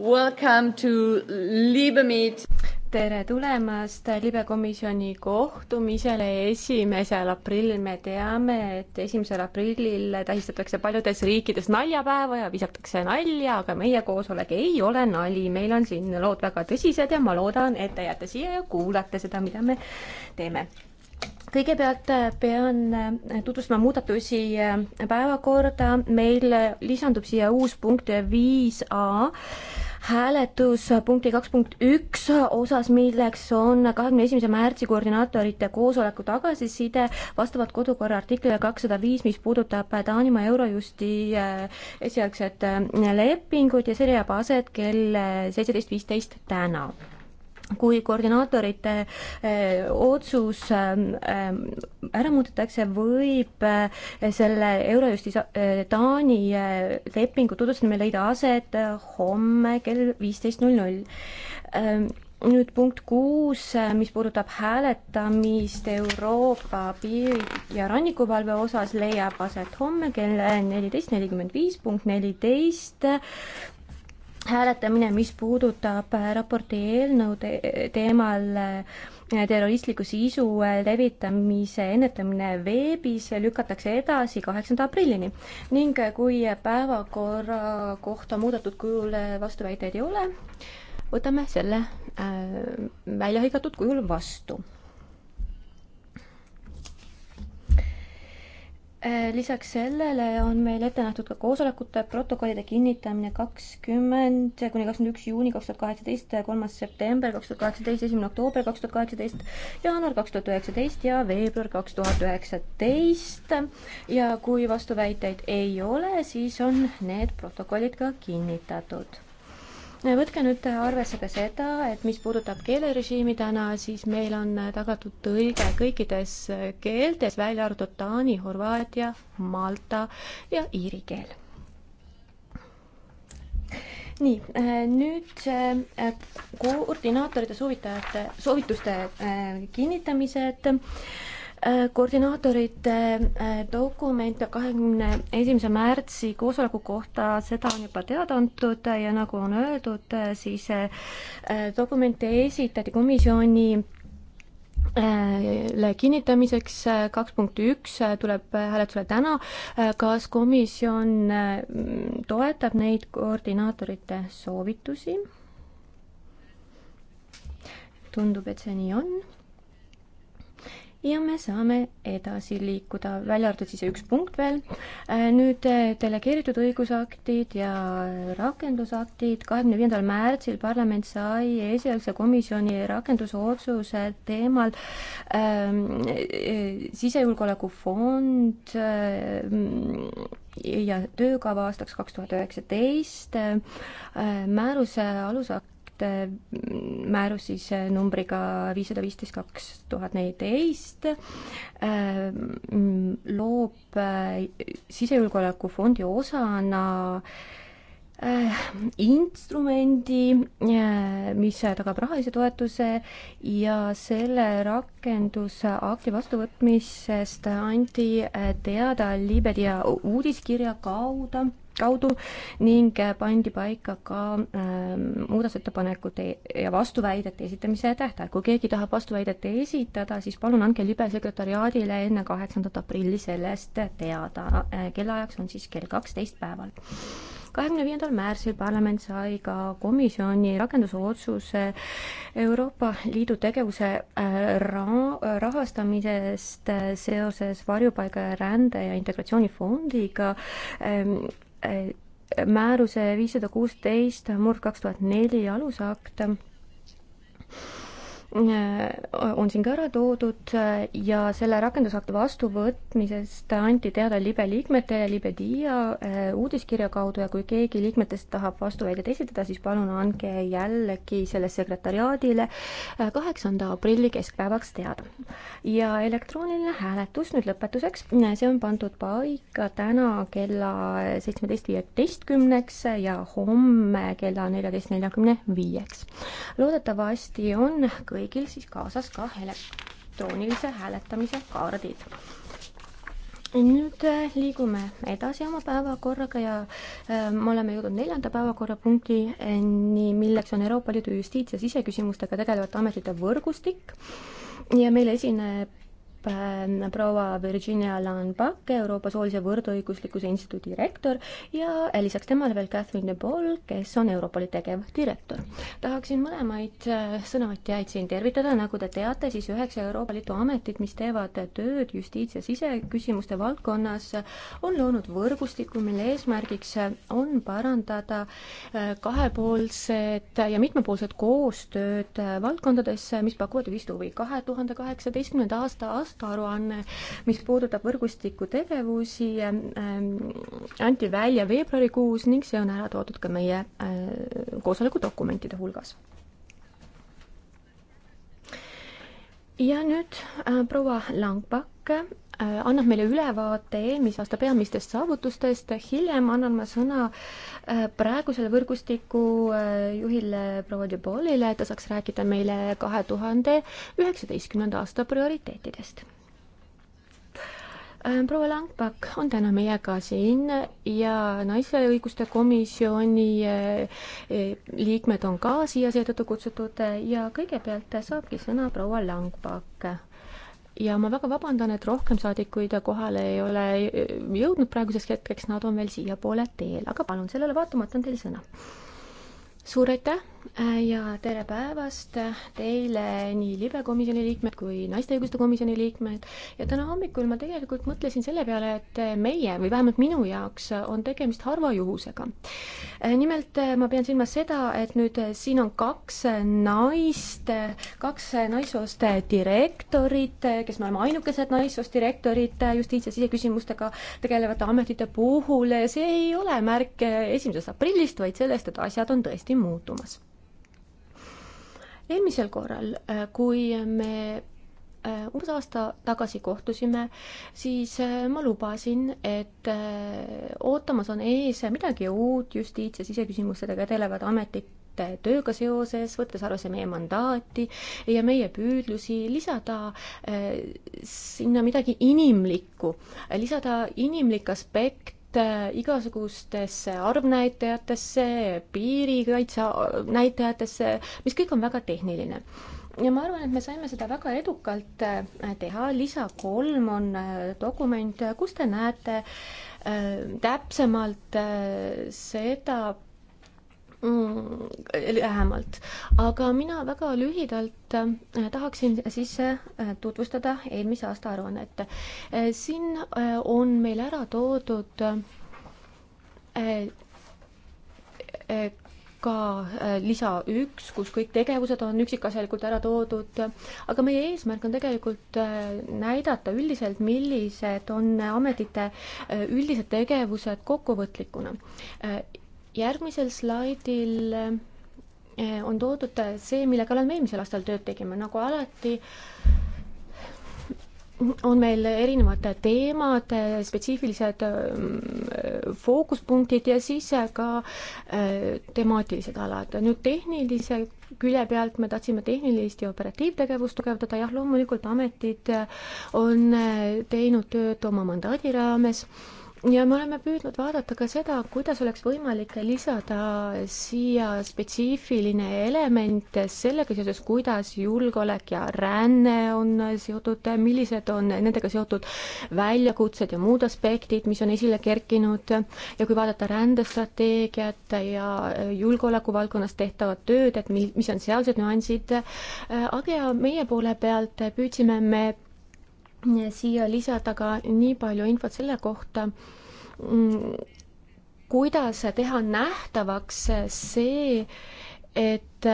Welcome to Libemeet. tere tulemast libekomisjoni kohtumisele esimesel aprillil. me teame, et esimesel aprillil tähistatakse paljudes riikides naljapäeva ja visatakse nalja, aga meie koosolek ei ole nali. meil on siin lood väga tõsised ja ma loodan, et te jääte siia ja kuulate seda, mida me teeme kõigepealt pean tutvustama muudatusi päevakorda, meil lisandub siia uus punkt viis A hääletus äh, punkti kaks punkt üks äh, osas, milleks on kahekümne esimese märtsi koordinaatorite koosoleku tagasiside vastavalt kodukorra artiklile kakssada viis, mis puudutab äh, Taanimaa Eurojusti esialgset lepingut ja see leiab aset kell seitseteist viisteist täna kui koordinaatorite eh, otsus eh, eh, ära muudetakse, võib eh, selle Eurojusti eh, Taani eh, lepingu tutvustamine leida aset homme kell viisteist null null nüüd punkt kuus, mis puudutab hääletamist Euroopa piiri- ja rannikuvalve osas, leiab aset homme kell neliteist nelikümmend viis punkt neliteist hääletamine, mis puudutab äh, raporti eelnõu te äh, teemal äh, terroristliku sisu levitamise ennetamine veebis lükatakse edasi kaheksanda aprillini ning kui päevakorra kohta muudetud kujul vastuväiteid ei ole, võtame selle äh, välja hõigatud kujul vastu Eh, lisaks sellele on meil ette nähtud ka koosolekute protokollide kinnitamine kakskümmend kuni kakskümmend üks juuni kaks tuhat kaheksateist, kolmas september kaks tuhat kaheksateist, esimene oktoober kaks tuhat kaheksateist, jaanuar kaks tuhat üheksateist ja veebruar kaks tuhat üheksateist. ja kui vastuväiteid ei ole, siis on need protokollid ka kinnitatud võtke nüüd arvesse ka seda, et mis puudutab keelerežiimi täna, siis meil on tagatud tõlge kõikides keeltes, välja arvatud taani, horvaatia, malta ja iiri keel. nii, äh, nüüd äh, koordinaatorite soovitajate, soovituste äh, kinnitamised Äh, koordinaatorite äh, dokument kahekümne esimese märtsi koosoleku kohta, seda on juba teada antud ja nagu on öeldud, äh, siis dokumente esitati komisjoni le kinnitamiseks kaks punkt üks tuleb hääletusele täna. kas komisjon toetab neid koordinaatorite soovitusi? tundub, et see nii on ja me saame edasi liikuda, välja arvatud siis üks punkt veel. Äh, nüüd äh, delegeeritud õigusaktid ja rakendusaktid. kahekümne viiendal märtsil parlament sai esialgse komisjoni rakendusotsuse teemal ähm, äh, sisejulgeolekufond ähm, ja töökava aastaks kaks tuhat üheksateist. määruse alusakt ühte mm, määrus siis äh, numbriga viissada viisteist kaks tuhat neliteist ähm, loob äh, sisejulgeolekufondi osana äh, instrumendi, mis tagab rahalise toetuse ja selle rakendusakti vastuvõtmisest anti teada Libedia uudiskirja kaudu kaudu ning äh, pandi paika ka äh, muudatusettepanekute ja vastuväidete esitamise tähtaeg. kui keegi tahab vastuväidet esitada, siis palun andke libe sekretariaadile enne kaheksandat aprilli sellest teada. Äh, kellaajaks on siis kell kaksteist päeval. kahekümne viiendal märtsil parlament sai ka komisjoni rakendusotsuse Euroopa Liidu tegevuse äh, ra-, rahastamisest seoses varjupaiga ja rände ja integratsioonifondiga ähm, Äh, määruse viissada kuusteist murd kaks tuhat neli alusakte Äh, on siin ka ära toodud äh, ja selle rakendusakti vastuvõtmisest anti teada libe liikmetele libedia äh, uudiskirja kaudu ja kui keegi liikmetest tahab vastuväidet esitada, siis palun andke jällegi selle sekretariaadile kaheksanda aprilli keskpäevaks teada. ja elektrooniline hääletus nüüd lõpetuseks, see on pandud paika täna kella seitsmeteist viieteistkümneks ja homme kella neljateist neljakümne viieks. loodetavasti on kõik kõigil siis kaasas ka elektroonilise hääletamise kaardid. nüüd äh, liigume edasi oma päevakorraga ja äh, me oleme jõudnud neljanda päevakorrapunktini, äh, milleks on Euroopa Liidu justiits- ja siseküsimustega tegelevate ametite võrgustik ja meil esineb Äh, proua Virginia Lahnbach, Euroopa soolise võrdõiguslikkuse instituudi direktor ja lisaks temale veel Catherine de Paul, kes on Europoli tegevdirektor. tahaksin mõlemaid äh, sõnavõtjaid siin tervitada, nagu te teate, siis üheksa Euroopa Liidu ametit, mis teevad tööd justiits- ja siseküsimuste valdkonnas, on loonud võrgustiku, mille eesmärgiks on parandada äh, kahepoolsed ja mitmepoolsed koostööd valdkondades, mis pakuvad ühist huvi. kahe tuhande kaheksateistkümnenda aasta aasta aastaaruanne, mis puudutab võrgustiku tegevusi, ähm, anti välja veebruarikuus ning see on ära toodud ka meie äh, koosoleku dokumentide hulgas. ja nüüd äh, proua Langbakk Äh, annab meile ülevaate eelmise aasta peamistest saavutustest, hiljem annan ma sõna äh, praegusele võrgustiku äh, juhile proua Djubolile, et ta saaks rääkida meile kahe tuhande üheksateistkümnenda aasta prioriteetidest. proua Langbak on täna meiega siin ja Naiste Õiguste Komisjoni liikmed on ka siia seetõttu kutsutud ja kõigepealt saabki sõna proua Langbak ja ma väga vabandan, et rohkem saadikuid kohale ei ole jõudnud praeguseks hetkeks, nad on veel siiapoole teel, aga palun, sellele vaatamata on teil sõna suur aitäh äh, ja tere päevast teile, nii libekomisjoni liikmed kui naiste õiguste komisjoni liikmed. ja täna hommikul ma tegelikult mõtlesin selle peale, et meie või vähemalt minu jaoks on tegemist harva juhusega. Äh, nimelt äh, ma pean silmas seda, et nüüd siin on kaks naist, kaks naissoost direktorit, kes me oleme ainukesed naissoost direktorid justiits- ja siseküsimustega tegelevate ametite puhul. see ei ole märk esimesest aprillist, vaid sellest, et asjad on tõesti veelgi muutumas. eelmisel korral, äh, kui me äh, umbes aasta tagasi kohtusime, siis äh, ma lubasin, et ootamas on ees midagi uut justiits- ja siseküsimustega tegelevate ametite tööga seoses, võttes arvesse meie mandaati ja meie püüdlusi lisada sinna midagi inimlikku, lisada inimlik aspekt Äh, igasugustesse arvnäitajatesse, piirikaitse äh, näitajatesse, mis kõik on väga tehniline ja ma arvan, et me saime seda väga edukalt äh, teha, lisa kolm on dokument, kus te näete täpsemalt seda, Mm, lähemalt. aga mina väga lühidalt äh, tahaksin siis äh, tutvustada eelmise aasta aruannet. Äh, siin on meil ära toodud ka lisa üks, kus kõik tegevused on üksikasjalikult ära toodud, aga meie eesmärk on tegelikult näidata üldiselt, millised on ametite üldised tegevused kokkuvõtlikuna järgmisel slaidil eh, on toodud see, mille kallal me eelmisel aastal tööd tegime, nagu alati on meil erinevad teemad, spetsiifilised mm, fookuspunktid ja siis ka eh, temaatilised alad. nüüd tehnilise külje pealt me tahtsime tehnilist ja operatiivtegevust tugevdada, jah, loomulikult ametid on eh, teinud tööd oma mandaadi raames ja me oleme püüdnud vaadata ka seda, kuidas oleks võimalik lisada siia spetsiifiline element sellega seoses, kuidas julgeolek ja ränne on seotud, millised on nendega seotud väljakutsed ja muud aspektid, mis on esile kerkinud ja kui vaadata rändestrateegiat ja julgeoleku valdkonnas tehtavat tööd, et mil-, mis on sealsed nüansid, äh, aga meie poole pealt püüdsime me siia lisada ka nii palju infot selle kohta, mm, kuidas teha nähtavaks see, et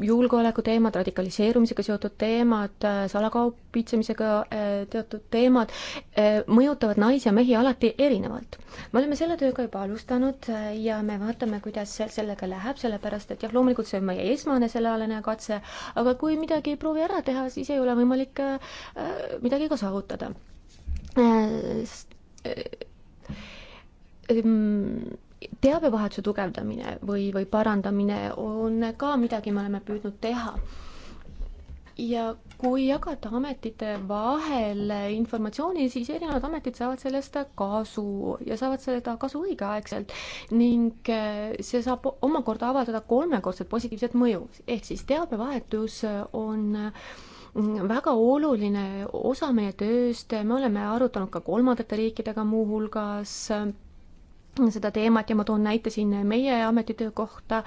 julgeolekuteemad, radikaliseerumisega seotud teemad, äh, salakaubitsemisega äh, teatud teemad, äh, mõjutavad naisi ja mehi alati erinevalt. me oleme selle tööga juba alustanud ja me vaatame, kuidas sellega läheb, sellepärast et jah, loomulikult see on meie esmane sellealane katse, aga kui midagi ei proovi ära teha, siis ei ole võimalik midagi ka saavutada ehm, teabevahetuse tugevdamine või, või parandamine on ka midagi, me oleme püüdnud teha. ja kui jagada ametite vahel informatsiooni, siis erinevad ametid saavad sellest kasu ja saavad seda kasu õigeaegselt ning eh, see saab omakorda avaldada kolmekordset positiivset mõju, ehk siis teabevahetus on mm, väga oluline osa meie tööst, me oleme arutanud ka kolmandate riikidega muuhulgas seda teemat ja ma toon näite siin meie ametitöö kohta,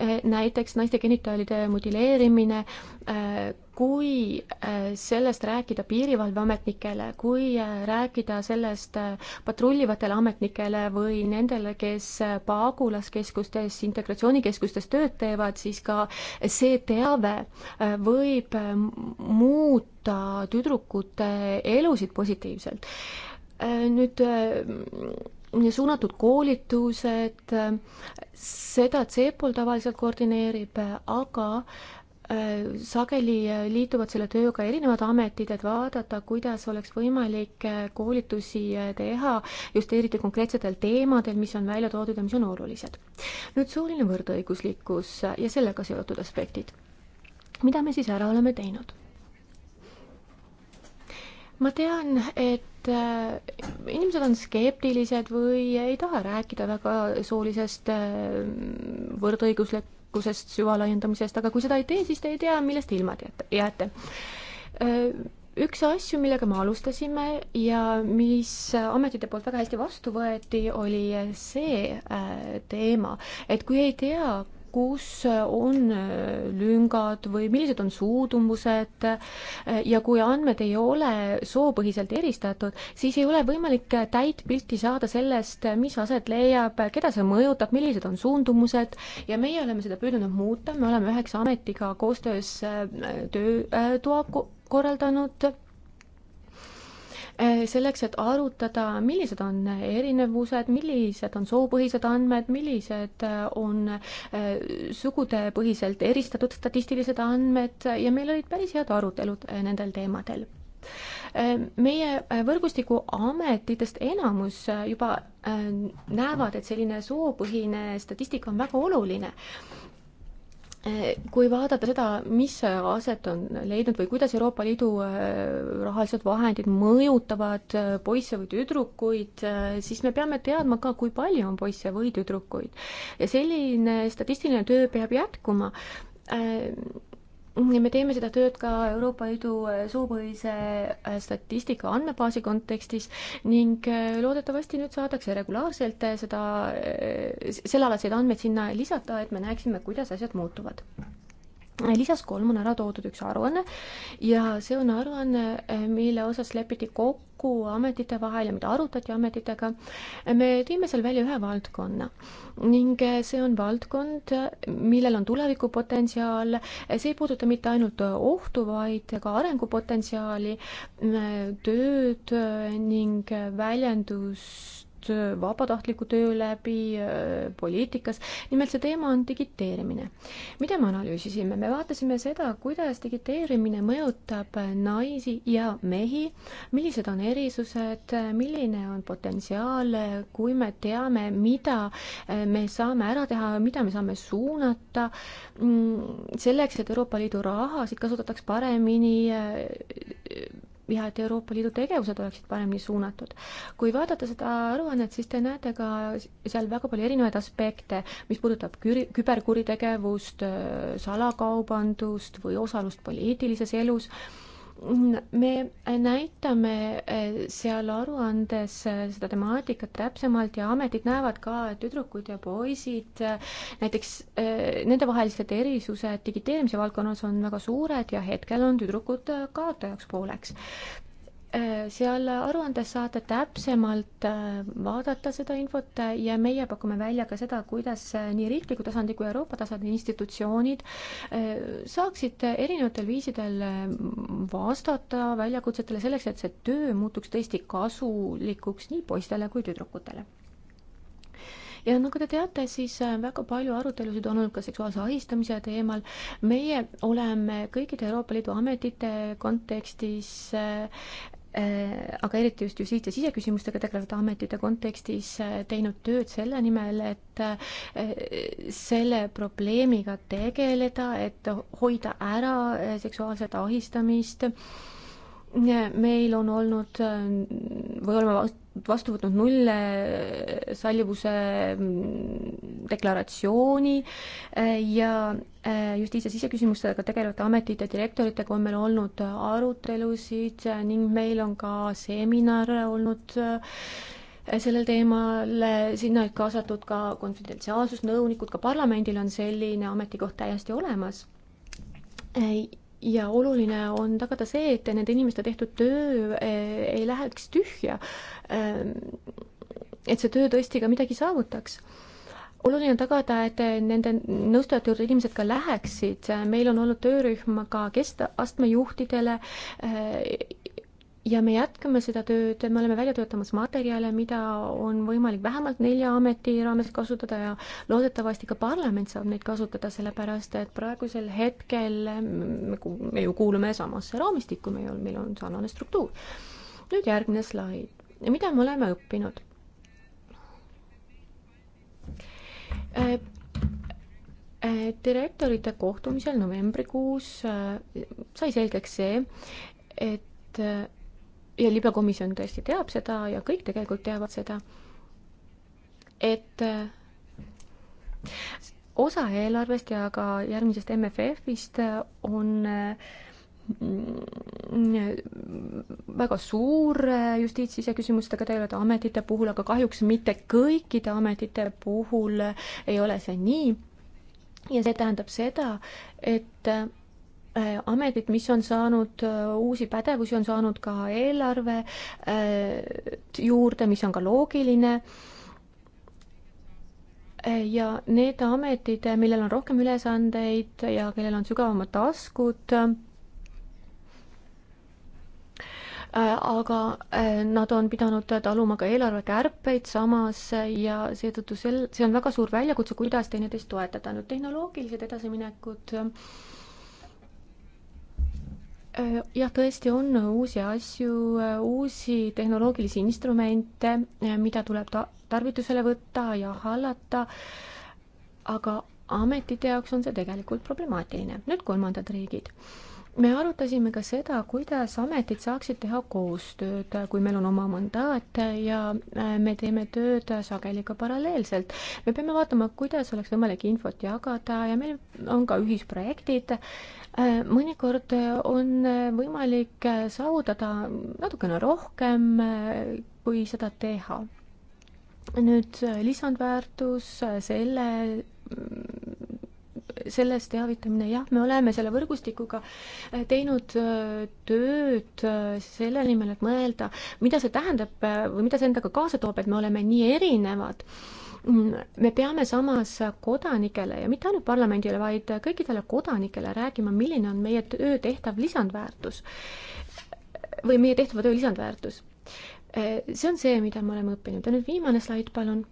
eh, näiteks naiste genitaalide mutileerimine, eh, kui eh, sellest rääkida piirivalveametnikele, kui rääkida sellest patrullivatele ametnikele või nendele, kes pagulaskeskustes, integratsioonikeskustes tööd teevad, siis ka see teave võib muuta tüdrukute elusid positiivselt. nüüd suunatud koolitused, seda CEPOL tavaliselt koordineerib, aga äh, sageli äh, liituvad selle tööga erinevad ametid, et vaadata, kuidas oleks võimalik äh, koolitusi teha just eriti konkreetsetel teemadel, mis on välja toodud ja mis on olulised. nüüd sooline võrdõiguslikkus ja sellega seotud aspektid. mida me siis ära oleme teinud? ma tean, et äh, inimesed on skeptilised või ei taha rääkida väga soolisest äh, võrdõiguslikkusest, süvalaiendamisest, aga kui seda ei tee, siis te ei tea, millest ilma jääte äh, üks asju, millega me alustasime ja mis ametite poolt väga hästi vastu võeti, oli see teema, et kui ei tea, kus on lüngad või millised on suudumused ja kui andmed ei ole soopõhiselt eristatud, siis ei ole võimalik täit pilti saada sellest, mis aset leiab, keda see mõjutab, millised on suundumused ja meie oleme seda püüdnud muuta, me oleme üheksa ametiga koostöös äh, töötoa äh, korraldanud Eh, selleks, et arutada, millised on erinevused, millised on soopõhised andmed, millised eh, on eh, sugudepõhiselt eristatud statistilised andmed ja meil olid päris head arutelud nendel teemadel meie võrgustiku ametitest enamus juba näevad, et selline soopõhine statistika on väga oluline kui vaadata seda, mis aset on leidnud või kuidas Euroopa Liidu äh, rahalised vahendid mõjutavad äh, poisse või tüdrukuid, äh, siis me peame teadma ka, kui palju on poisse või tüdrukuid. ja selline statistiline töö peab jätkuma me teeme seda tööd ka Euroopa Liidu suupõhise äh, statistika andmebaasi kontekstis ning äh, loodetavasti nüüd saadakse regulaarselt äh, seda, sellealaseid andmeid sinna lisada, et me näeksime, kuidas asjad muutuvad. Äh, lisas kolm on ära toodud üks aruanne ja see on aruanne, äh, mille osas lepiti kokku ametite vahel ja mida arutati ametitega. Äh, me tõime seal välja ühe valdkonna ning see on valdkond, millel on tulevikupotentsiaal, see ei puuduta mitte ainult ohtu, vaid ka arengupotentsiaali, tööd ning väljendus Äh, vabatahtliku töö läbi äh, poliitikas. nimelt see teema on digiteerimine. mida me analüüsisime? me vaatasime seda, kuidas digiteerimine mõjutab naisi ja mehi, millised on erisused, milline on potentsiaal, kui me teame, mida äh, me saame ära teha, mida me saame suunata mm, selleks, et Euroopa Liidu rahasid kasutataks paremini ja et Euroopa Liidu tegevused oleksid paremini suunatud. kui vaadata seda aruannet, siis te näete ka seal väga palju erinevaid aspekte, mis puudutab küri-, küberkuritegevust, äh, salakaubandust või osalust poliitilises elus me näitame eh, seal aruandes eh, seda temaatikat täpsemalt ja ametid näevad ka, et tüdrukud ja poisid, eh, näiteks nendevahelised erisused digiteerimise valdkonnas on väga suured ja hetkel on tüdrukud kaotajaks pooleks. Äh, seal aruandes saate täpsemalt äh, vaadata seda infot äh, ja meie pakume välja ka seda, kuidas nii riikliku tasandi kui Euroopa tasandi institutsioonid saaksid erinevatel viisidel vastata väljakutsetele selleks, et see töö muutuks tõesti kasulikuks nii poistele kui tüdrukutele ja nagu te teate, siis väga palju arutelusid on olnud ka seksuaalse ahistamise teemal. meie oleme kõikide Euroopa Liidu ametite kontekstis Äh, aga eriti just justiits- ja siseküsimustega tegelevate ametite kontekstis äh, teinud tööd selle nimel, et äh, selle probleemiga tegeleda, et hoida ära seksuaalset ahistamist. meil on olnud või oleme vastu võtnud nullsallivuse mm, deklaratsiooni äh, ja äh, justiits- ja siseküsimustega tegelevate ametite direktoritega on meil olnud arutelusid ning meil on ka seminar olnud äh, sellel teemal, sinna olid kaasatud ka konfidentsiaalsusnõunikud, ka parlamendil on selline ametikoht täiesti olemas ja oluline on tagada see, et nende inimeste tehtud töö eh, ei läheks tühja. Ähm, et see töö tõesti ka midagi saavutaks oluline on tagada, et nende nõustajate juurde inimesed ka läheksid, meil on olnud töörühm ka keskastme juhtidele eh, ja me jätkame seda tööd, me oleme välja töötamas materjale, mida on võimalik vähemalt nelja ameti raames kasutada ja loodetavasti ka parlament saab neid kasutada, sellepärast et praegusel hetkel me ju kuulume samasse raamistikku, meil on, meil on sarnane struktuur. nüüd järgmine slaid. mida me oleme õppinud? Äh, äh, direktorite kohtumisel novembrikuus äh, sai selgeks see, et ja libekomisjon tõesti teab seda ja kõik tegelikult teavad seda, et äh, osa eelarvest ja ka järgmisest MFF-ist äh, on äh, mm, väga suur justiitssiseküsimustega tegeleda ametite puhul, aga kahjuks mitte kõikide ametite puhul ei ole see nii. ja see tähendab seda, et Äh, ametid, mis on saanud äh, uusi pädevusi, on saanud ka eelarve äh, juurde, mis on ka loogiline. ja need ametid, millel on rohkem ülesandeid ja kellel on sügavamad taskud, aga nad on pidanud taluma ka eelarvekärpeid samas ja seetõttu sel, see on väga suur väljakutse, kuidas teineteist toetada. nüüd tehnoloogilised edasiminekud äh, jah, tõesti on uusi asju, uusi tehnoloogilisi instrumente, mida tuleb ta-, tarvitusele võtta ja hallata, aga ametite jaoks on see tegelikult problemaatiline. nüüd kolmandad riigid me arutasime ka seda, kuidas ametid saaksid teha koostööd, kui meil on oma mandaat ja äh, me teeme tööd sageli ka paralleelselt. me peame vaatama, kuidas oleks võimalik infot jagada ja meil on ka ühisprojektid. Äh, mõnikord on äh, võimalik saavutada natukene rohkem, kui seda teha. nüüd lisandväärtus selle mm, sellest teavitamine, jah, me oleme selle võrgustikuga äh, teinud äh, tööd äh, selle nimel, et mõelda, mida see tähendab või mida see endaga kaasa toob, et me oleme nii erinevad mm, me peame samas kodanikele ja mitte ainult parlamendile, vaid kõikidele kodanikele rääkima, milline on meie töö tehtav lisandväärtus või meie tehtava töö lisandväärtus. see on see, mida me oleme õppinud ja nüüd viimane slaid, palun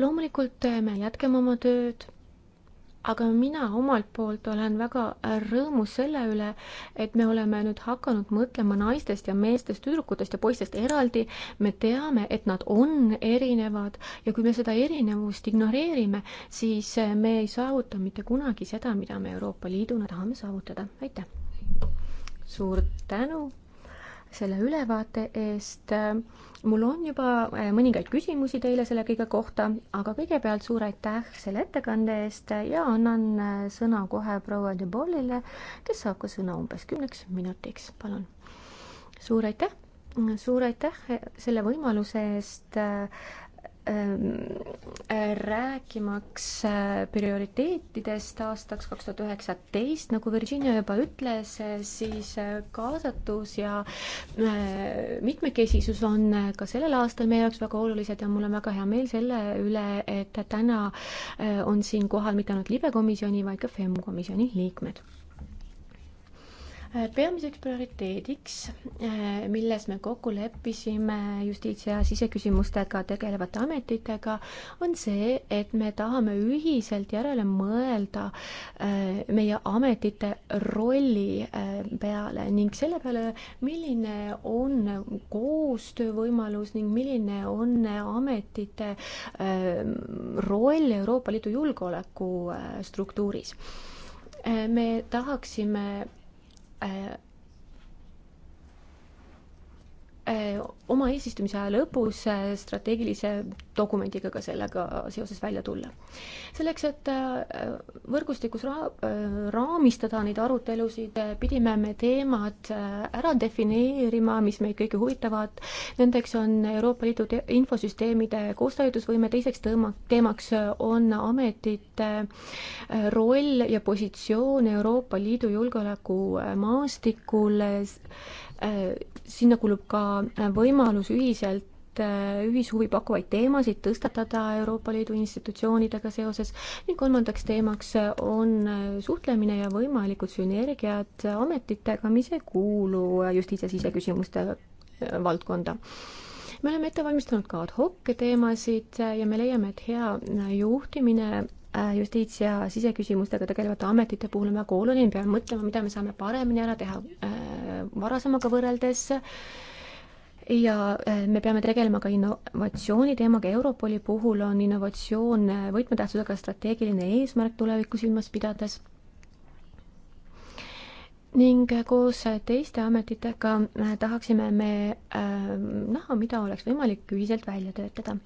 loomulikult äh, me jätkame oma tööd, aga mina omalt poolt olen väga äh, rõõmus selle üle, et me oleme nüüd hakanud mõtlema naistest ja meestest, tüdrukutest ja poistest eraldi. me teame, et nad on erinevad ja kui me seda erinevust ignoreerime, siis äh, me ei saavuta mitte kunagi seda, mida me Euroopa Liiduna tahame saavutada. aitäh! suur tänu! selle ülevaate eest. mul on juba äh, mõningaid küsimusi teile selle kõige kohta, aga kõigepealt suur aitäh selle ettekande eest ja annan äh, sõna kohe proua Debollile, kes saab ka sõna umbes kümneks minutiks, palun. suur aitäh suur aitäh äh, selle võimaluse eest Ehm, rääkimaks äh, prioriteetidest aastaks kaks tuhat üheksateist, nagu Virginia juba ütles, siis äh, kaasatus ja äh, mitmekesisus on ka sellel aastal meie jaoks väga olulised ja mul on väga hea meel selle üle, et täna on siin kohal mitte ainult libekomisjoni, vaid ka FEM komisjoni liikmed Äh, peamiseks prioriteediks, äh, milles me kokku leppisime justiits- ja siseküsimustega tegelevate ametitega, on see, et me tahame ühiselt järele mõelda äh, meie ametite rolli peale ning selle peale, milline on koostöövõimalus ning milline on ametite roll Euroopa Liidu julgeolekustruktuuris me tahaksime äh, Äh, oma eesistumise aja lõpus äh, strateegilise dokumendiga ka sellega seoses välja tulla. selleks, et äh, võrgustikus ra-, raamistada neid arutelusid, pidime me teemad ära defineerima, mis meid kõiki huvitavad, nendeks on Euroopa Liidu infosüsteemide koostööõigusvõime, teiseks tõma-, teemaks on ametite roll ja positsioon Euroopa Liidu julgeolekumaastikul, Äh, sinna kulub ka äh, võimalus ühiselt äh, ühishuvi pakkuvaid teemasid tõstatada Euroopa Liidu institutsioonidega seoses ning kolmandaks teemaks on suhtlemine ja võimalikud sünergiad ametitega, mis ei kuulu justiits- ja siseküsimuste valdkonda me oleme ette valmistanud ka ad hoc teemasid ja me leiame, et hea juhtimine Äh, justiits- ja siseküsimustega tegelevate ametite puhul on väga oluline, peame mõtlema, mida me saame paremini ära teha äh, varasemaga võrreldes ja äh, me peame tegelema ka innovatsiooni teemaga, Europoli puhul on innovatsioon võtmetähtsusega strateegiline eesmärk tulevikku silmas pidades ning koos teiste ametitega äh, tahaksime me äh, näha, mida oleks võimalik ühiselt välja töötada.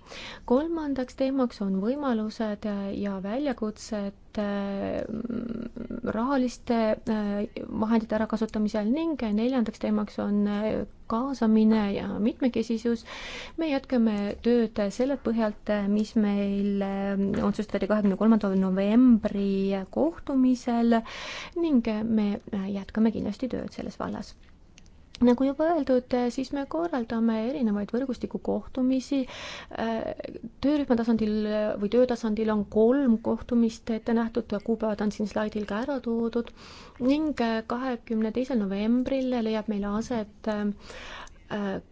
kolmandaks teemaks on võimalused ja väljakutsed Mm, rahaliste äh, vahendite ärakasutamisel ning neljandaks teemaks on äh, kaasamine ja mitmekesisus. me jätkame tööd selle põhjalt, mis meil äh, otsustati kahekümne kolmandal novembri kohtumisel ning me jätkame kindlasti tööd selles vallas nagu juba öeldud, eh, siis me korraldame erinevaid võrgustiku kohtumisi, eh, töörühma tasandil eh, või töötasandil on kolm kohtumist ette nähtud, kuupäevad on siin slaidil ka ära toodud, ning kahekümne teisel novembril leiab meil aset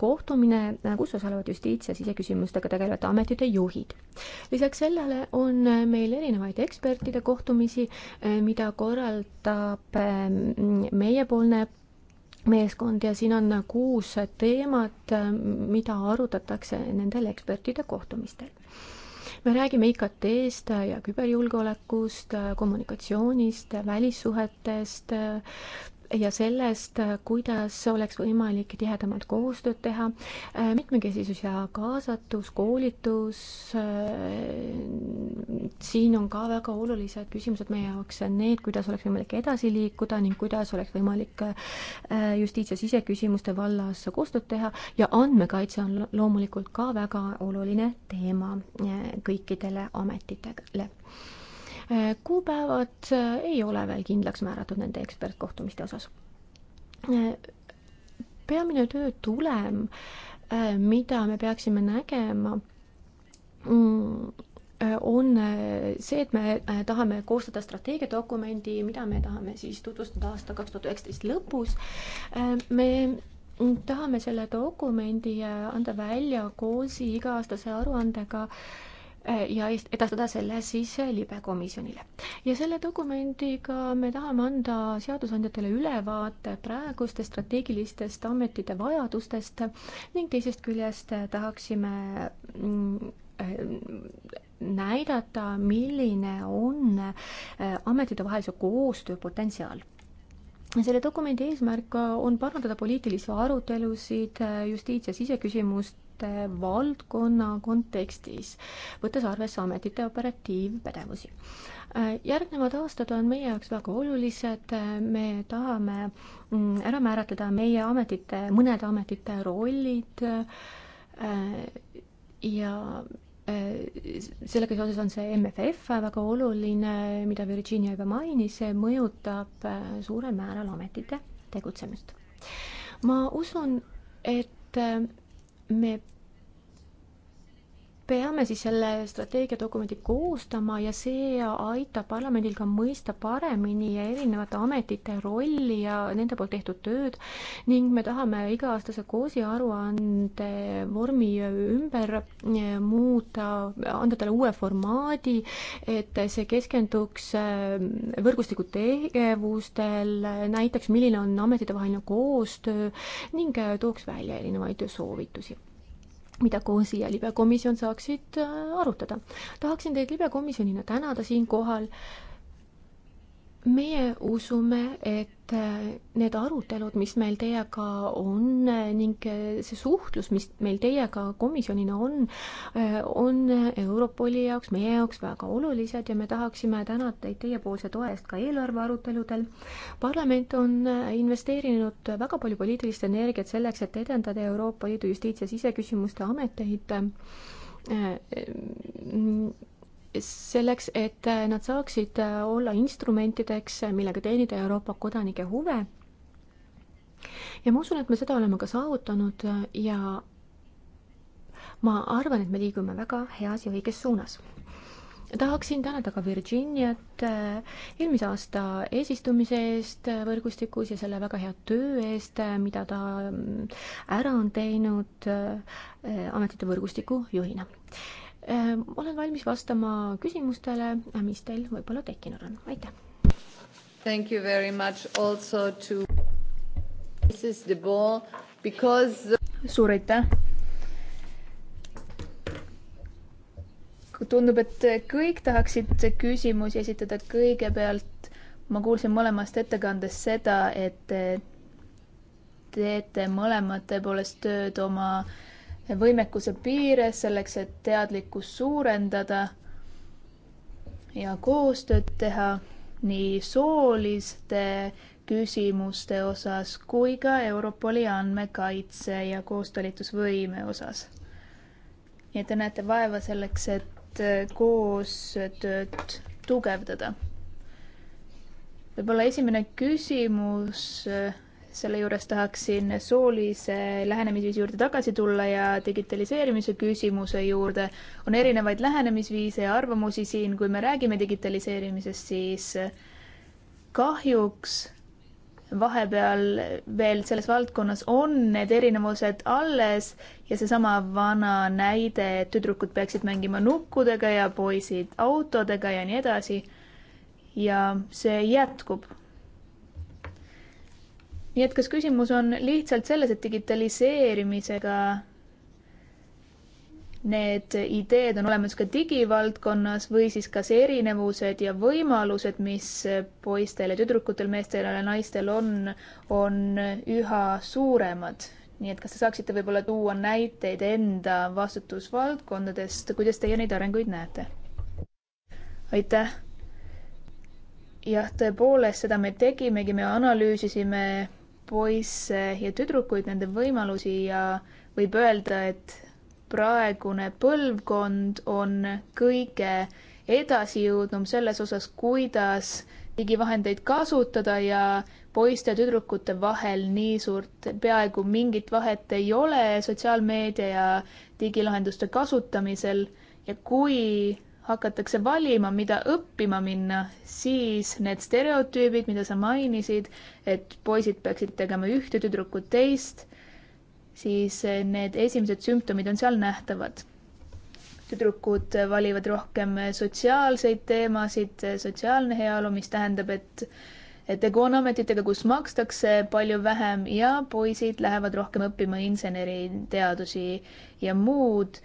kohtumine, kus osalevad justiits- ja siseküsimustega tegelevate ametite juhid. lisaks sellele on meil erinevaid ekspertide kohtumisi, mida korraldab meiepoolne meeskond ja siin on kuus teemat, mida arutatakse nendel ekspertide kohtumistel. me räägime IKT-st ja küberjulgeolekust, kommunikatsioonist, välissuhetest, ja sellest, kuidas oleks võimalik tihedamat koostööd teha, mitmekesisus ja kaasatus, koolitus, siin on ka väga olulised küsimused meie jaoks, need, kuidas oleks võimalik edasi liikuda ning kuidas oleks võimalik äh, justiits- ja siseküsimuste vallas koostööd teha ja andmekaitse on loomulikult ka väga oluline teema äh, kõikidele ametitele kuupäevad äh, ei ole veel kindlaks määratud nende ekspertkohtumiste osas. Äh, peamine töö tulem, äh, mida me peaksime nägema, mm, on see, et me tahame koostada strateegiadokumendi, mida me tahame siis tutvustada aasta kaks tuhat üheksateist lõpus. me tahame selle dokumendi anda välja koos iga-aastase aruandega äh, Äh, ja edastada selle siis äh, libekomisjonile. ja selle dokumendiga me tahame anda seadusandjatele ülevaate praegustest strateegilistest ametite vajadustest ning teisest küljest äh, tahaksime mm, näidata, milline on ametitevahelise koostöö potentsiaal selle dokumendi eesmärk on parandada poliitilisi arutelusid justiits- ja siseküsimuste ametite valdkonna kontekstis, võttes arvesse ametite operatiivpädevusi. järgnevad aastad on meie jaoks väga olulised, me tahame mm, ära määratleda meie ametite, mõnede ametite rollid äh, ja äh, sellega seoses on see MFF väga oluline, mida Virginia juba mainis, see mõjutab äh, suurel määral ametite tegutsemist. ma usun, et me peame siis selle strateegiadokumendi koostama ja see aitab parlamendil ka mõista paremini erinevate ametite rolli ja nende poolt tehtud tööd ning me tahame iga-aastase COSI aruande vormi ümber eh, muuta, anda talle uue formaadi, et see keskenduks eh, võrgustiku tegevustel, näiteks milline on ametitevaheline koostöö ning eh, tooks välja erinevaid soovitusi mida Koosi ja libekomisjon saaksid äh, arutada. tahaksin teid libekomisjonina tänada siinkohal meie usume, et äh, need arutelud, mis meil teiega on äh, ning äh, see suhtlus, mis meil teiega komisjonina on, on Europoli jaoks, meie jaoks väga olulised ja me tahaksime tänada teid teiepoolse toe eest ka eelarve aruteludel. parlament on investeerinud väga palju poliitilist energiat selleks, et edendada Euroopa Liidu justiits- ja siseküsimuste ameteid selleks, et nad saaksid äh, olla instrumentideks, äh, millega teenida Euroopa kodanike huve. ja ma usun, et me seda oleme ka saavutanud äh, ja ma arvan, et me liigume väga heas ja õiges suunas tahaksin tänada ka Virginiat eelmise aasta eesistumise eest võrgustikus ja selle väga hea töö eest, mida ta mm, ära on teinud ametite võrgustiku juhina. Ehm, olen valmis vastama küsimustele, mis teil võib-olla tekkinud on, aitäh! Thank you very much also to Mrs De Boer because suur aitäh! tundub, et kõik tahaksid küsimusi esitada. kõigepealt ma kuulsin mõlemast ettekandest seda, et teete mõlemad tõepoolest tööd oma äh, võimekuse piires selleks, et teadlikkust suurendada ja koostööd teha nii sooliste küsimuste osas kui ka Europoli andmekaitse ja koostalitusvõime osas. nii et te näete vaeva selleks, et äh, koostööd tugevdada. võib-olla esimene küsimus äh, selle juures tahaksin soolise lähenemisviisi juurde tagasi tulla ja digitaliseerimise küsimuse juurde. on erinevaid lähenemisviise ja arvamusi siin, kui me räägime digitaliseerimisest, siis kahjuks vahepeal veel selles valdkonnas on need erinevused alles ja seesama vana näide, et tüdrukud peaksid mängima nukkudega ja poisid autodega ja nii edasi. ja see jätkub nii et kas küsimus on lihtsalt selles, et digitaliseerimisega need ideed on olemas ka digivaldkonnas või siis kas erinevused ja võimalused, mis poistel ja tüdrukutel, meestel ja naistel on, on üha suuremad? nii et kas te saaksite võib-olla tuua näiteid enda vastutusvaldkondadest, kuidas teie neid arenguid näete? aitäh! jah, tõepoolest, seda me tegimegi, me analüüsisime poisse ja tüdrukuid, nende võimalusi ja võib öelda, et praegune põlvkond on kõige edasijõudnum selles osas, kuidas digivahendeid kasutada ja poiste ja tüdrukute vahel nii suurt, peaaegu mingit vahet ei ole sotsiaalmeedia ja digilahenduste kasutamisel ja kui hakatakse valima, mida õppima minna, siis need stereotüübid, mida sa mainisid, et poisid peaksid tegema ühte, tüdrukud teist, siis need esimesed sümptomid on seal nähtavad. tüdrukud valivad rohkem sotsiaalseid teemasid, sotsiaalne heaolu, mis tähendab, et tegu on ametitega, kus makstakse palju vähem ja poisid lähevad rohkem õppima inseneriteadusi ja muud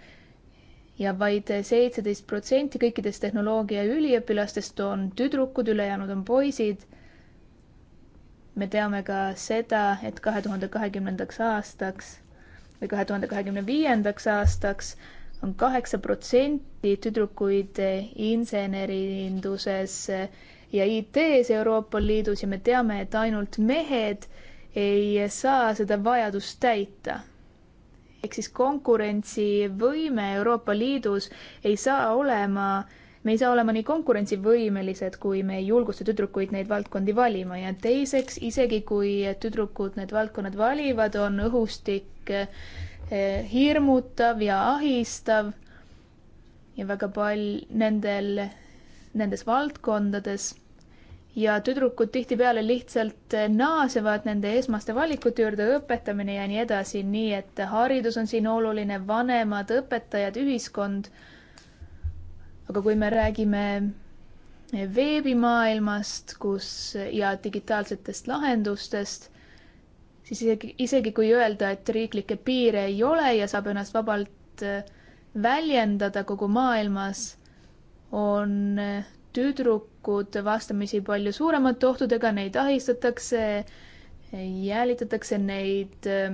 ja vaid seitseteist protsenti kõikidest tehnoloogiaüliõpilastest on tüdrukud, ülejäänud on poisid. me teame ka seda, et kahe tuhande kahekümnendaks aastaks või kahe tuhande kahekümne viiendaks aastaks on kaheksa protsenti tüdrukuid insenerinduses ja IT-s Euroopa Liidus ja me teame, et ainult mehed ei saa seda vajadust täita ehk siis konkurentsivõime Euroopa Liidus ei saa olema me ei saa olema nii konkurentsivõimelised, kui me ei julgusta tüdrukuid neid valdkondi valima ja teiseks, isegi kui tüdrukud need valdkonnad valivad, on õhustik eh, hirmutav ja ahistav ja väga pal-, nendel, nendes valdkondades ja tüdrukud tihtipeale lihtsalt eh, naasevad nende esmaste valikute juurde, õpetamine ja nii edasi, nii et haridus on siin oluline, vanemad, õpetajad, ühiskond. aga kui me räägime eh, veebimaailmast, kus eh, ja digitaalsetest lahendustest, siis isegi, isegi kui öelda, et riiklikke piire ei ole ja saab ennast vabalt väljendada kogu maailmas, on tüdruk tüdrukud vastamisi palju suuremate ohtudega, neid ahistatakse, jäälitatakse neid, eh,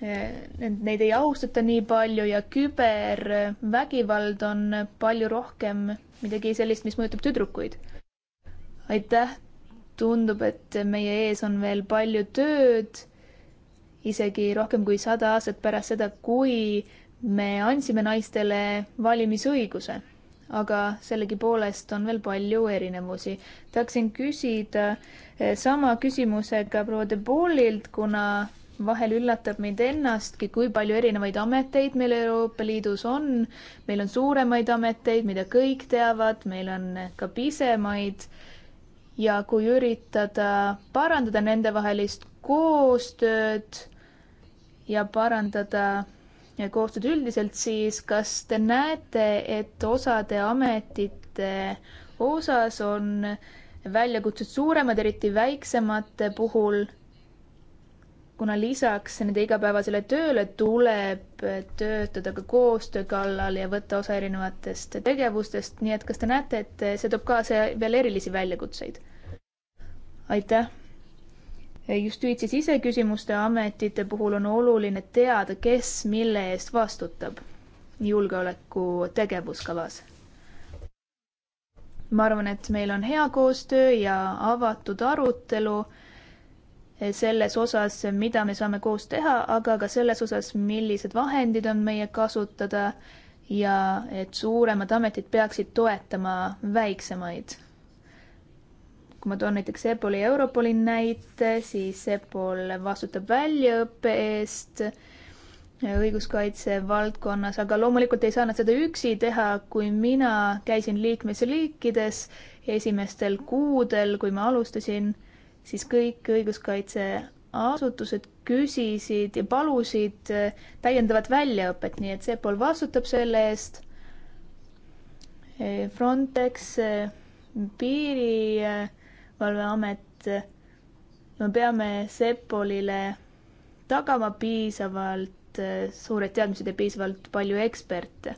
neid ei austata nii palju ja kübervägivald on palju rohkem midagi sellist, mis mõjutab tüdrukuid. aitäh, tundub, et meie ees on veel palju tööd, isegi rohkem kui sada aastat pärast seda, kui me andsime naistele valimisõiguse aga sellegipoolest on veel palju erinevusi. tahaksin küsida eh, sama küsimusega proua de Paulilt, kuna vahel üllatab mind ennastki, kui palju erinevaid ameteid meil Euroopa Liidus on. meil on suuremaid ameteid, mida kõik teavad, meil on ka pisemaid. ja kui üritada parandada nendevahelist koostööd ja parandada koostööd üldiselt, siis kas te näete, et osade ametite osas on väljakutsed suuremad, eriti väiksemate puhul, kuna lisaks nende igapäevasele tööle tuleb töötada ka koostöö kallal ja võtta osa erinevatest tegevustest, nii et kas te näete, et see toob kaasa veel erilisi väljakutseid? aitäh justiits- ja siseküsimuste ametite puhul on oluline teada, kes mille eest vastutab julgeoleku tegevuskavas. ma arvan, et meil on hea koostöö ja avatud arutelu selles osas, mida me saame koos teha, aga ka selles osas, millised vahendid on meie kasutada ja et suuremad ametid peaksid toetama väiksemaid kui ma toon näiteks Epoli ja Europoli näite, siis Epol vastutab väljaõppe eest õiguskaitse valdkonnas, aga loomulikult ei saa nad seda üksi teha, kui mina käisin liikmesriikides esimestel kuudel, kui ma alustasin, siis kõik õiguskaitseasutused küsisid ja palusid täiendavat väljaõpet, nii et Sepol vastutab selle eest. Frontex, piiri Valveamet, me peame Sepolile tagama piisavalt suured teadmised ja piisavalt palju eksperte.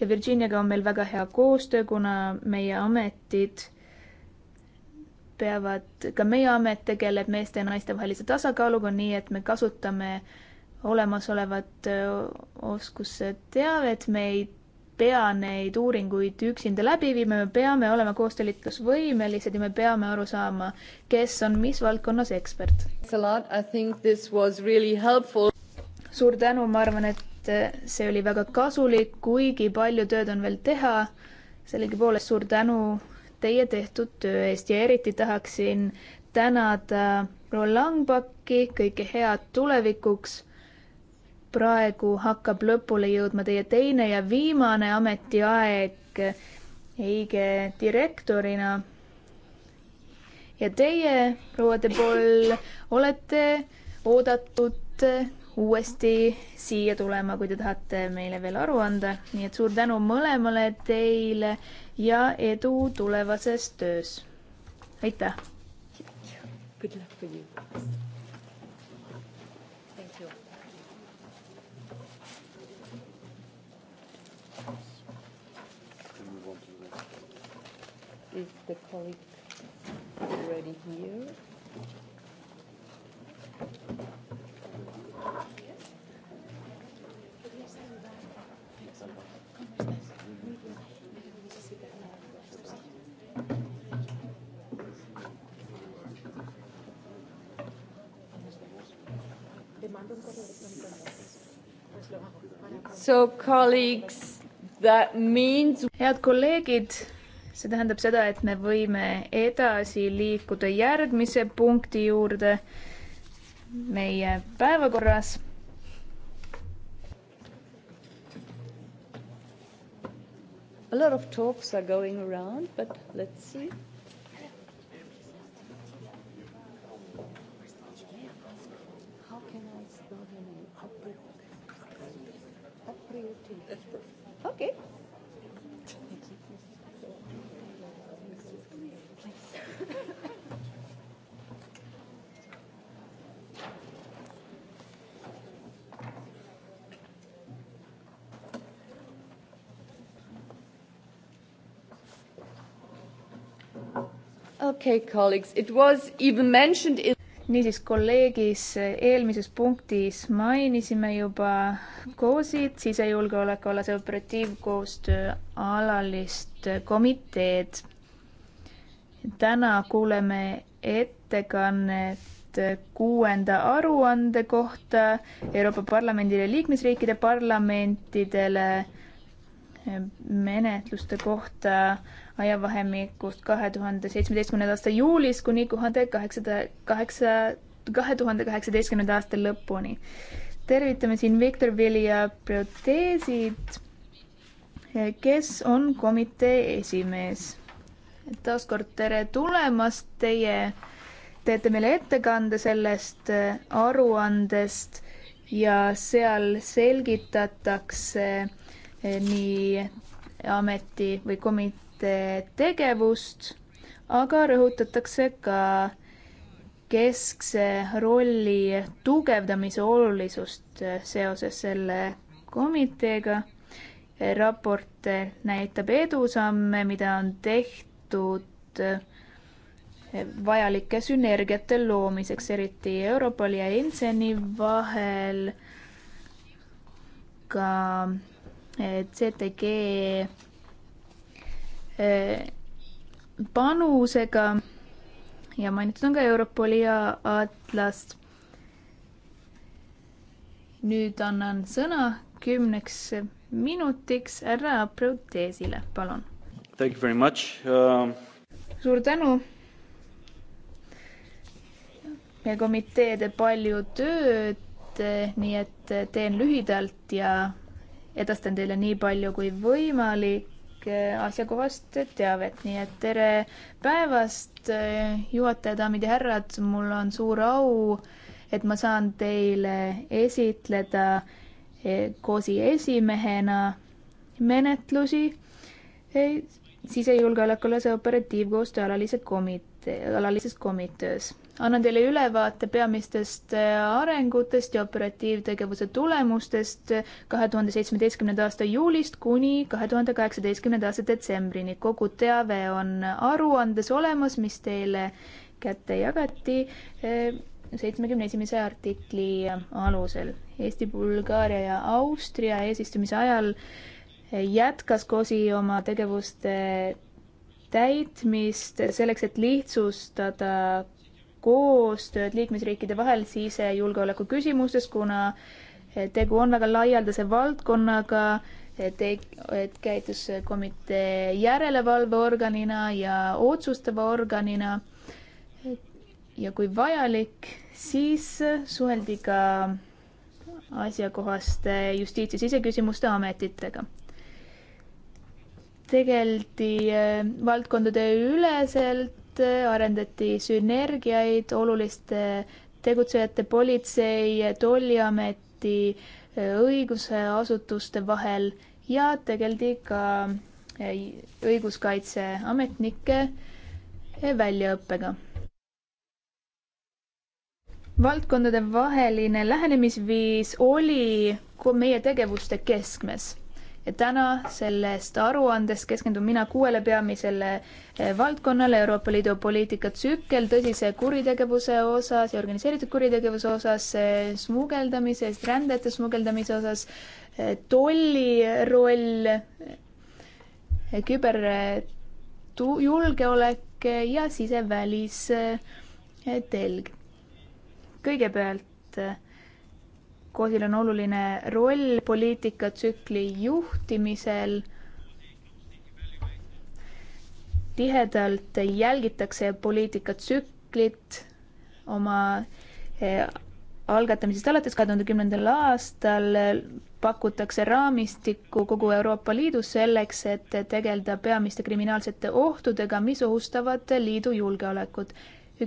ja Virginiaga on meil väga hea koostöö, kuna meie ametid peavad, ka meie amet tegeleb meeste ja naiste vahelise tasakaaluga, nii et me kasutame olemasolevat äh, oskusteavet, me ei pea neid uuringuid üksinda läbi viima, me peame olema koostalitlusvõimelised ja me peame aru saama, kes on mis valdkonnas ekspert. Really suur tänu, ma arvan, et see oli väga kasulik, kuigi palju tööd on veel teha. sellegipoolest suur tänu teie tehtud töö eest ja eriti tahaksin tänada Roland Backi, kõike head tulevikuks praegu hakkab lõpule jõudma teie teine ja viimane ametiaeg EIGE direktorina. ja teie, proua De Paul, olete oodatud uuesti siia tulema, kui te tahate meile veel aru anda. nii et suur tänu mõlemale teile ja edu tulevases töös. aitäh! Good luck for you. the colleague already here. So colleagues, that means... head kolleegid, see tähendab seda, et me võime edasi liikuda järgmise punkti juurde meie päevakorras. A lot of talks are going around, but let's see. How can I spell your name? Okay. okay, colleagues, it was even mentioned in niisiis, kolleegis eelmises punktis mainisime juba COSIT, sisejulgeoleku alase operatiivkoostöö alalist komiteed. täna kuuleme ettekannet kuuenda aruande kohta Euroopa Parlamendile, liikmesriikide parlamentidele menetluste kohta ajavahemikust kahe tuhande seitsmeteistkümnenda aasta juulis kuni tuhande kaheksasada kaheksa, kahe tuhande kaheksateistkümnenda aasta lõpuni. tervitame siin Viktor Vilja Proteesid, kes on komitee esimees. taaskord tere tulemast, teie teete meile ettekande sellest äh, aruandest ja seal selgitatakse äh, nii ameti või komitee tegevust, aga rõhutatakse ka keskse rolli tugevdamise olulisust seoses selle komiteega. raport näitab edusamme, mida on tehtud vajalike sünergiate loomiseks, eriti Europoli ja Inseni vahel. ka CTG äh, panusega ja mainitud on ka Europoli ja Atlast. nüüd annan sõna kümneks minutiks härra Aproteesile, palun. Thank you very much uh.... suur tänu. meie komitee teeb palju tööd, nii et teen lühidalt ja edastan teile nii palju kui võimalik eh, asjakohast teavet, nii et tere päevast, eh, juhataja, daamid ja härrad, mul on suur au, et ma saan teile esitleda eh, KOS-i esimehena menetlusi sisejulgeolekule see operatiivkoostöö alalise komitee, alalises komitees annan teile ülevaate peamistest äh, arengutest ja operatiivtegevuse tulemustest kahe tuhande seitsmeteistkümnenda aasta juulist kuni kahe tuhande kaheksateistkümnenda aasta detsembrini. kogu teave on aruandes olemas, mis teile kätte jagati äh, seitsmekümne esimese artikli alusel. Eesti, Bulgaaria ja Austria eesistumise ajal äh, jätkas COSI oma tegevuste täitmist selleks, et lihtsustada koostööd liikmesriikide vahel sisejulgeoleku küsimustes, kuna eh, tegu on väga laialdase valdkonnaga, eh, et käituskomitee järelevalveorganina ja otsustava organina. ja kui vajalik, siis suheldi ka asjakohaste justiits- ja siseküsimuste ametitega tegeldi eh, valdkondade üleselt arendati sünergiaid oluliste tegutsejate, politsei, tolliameti, õigusasutuste vahel ja tegeldi ka eh, õiguskaitseametnike eh, väljaõppega. valdkondade vaheline lähenemisviis oli meie tegevuste keskmes ja täna sellest aruandest keskendun mina kuuele peamisele eh, valdkonnale Euroopa Liidu poliitikatsükkel tõsise kuritegevuse osas ja organiseeritud kuritegevuse osas, eh, smugeldamisest, rändajate smugeldamise osas, eh, tolli roll, küberjulgeolek ja sisevälistelg. kõigepealt KOV-il on oluline roll poliitikatsükli juhtimisel. tihedalt jälgitakse poliitikatsüklit oma eh, algatamisest alates kahe tuhande kümnendal aastal pakutakse raamistikku kogu Euroopa Liidus selleks, et tegeleda peamiste kriminaalsete ohtudega, mis ohustavad liidu julgeolekut.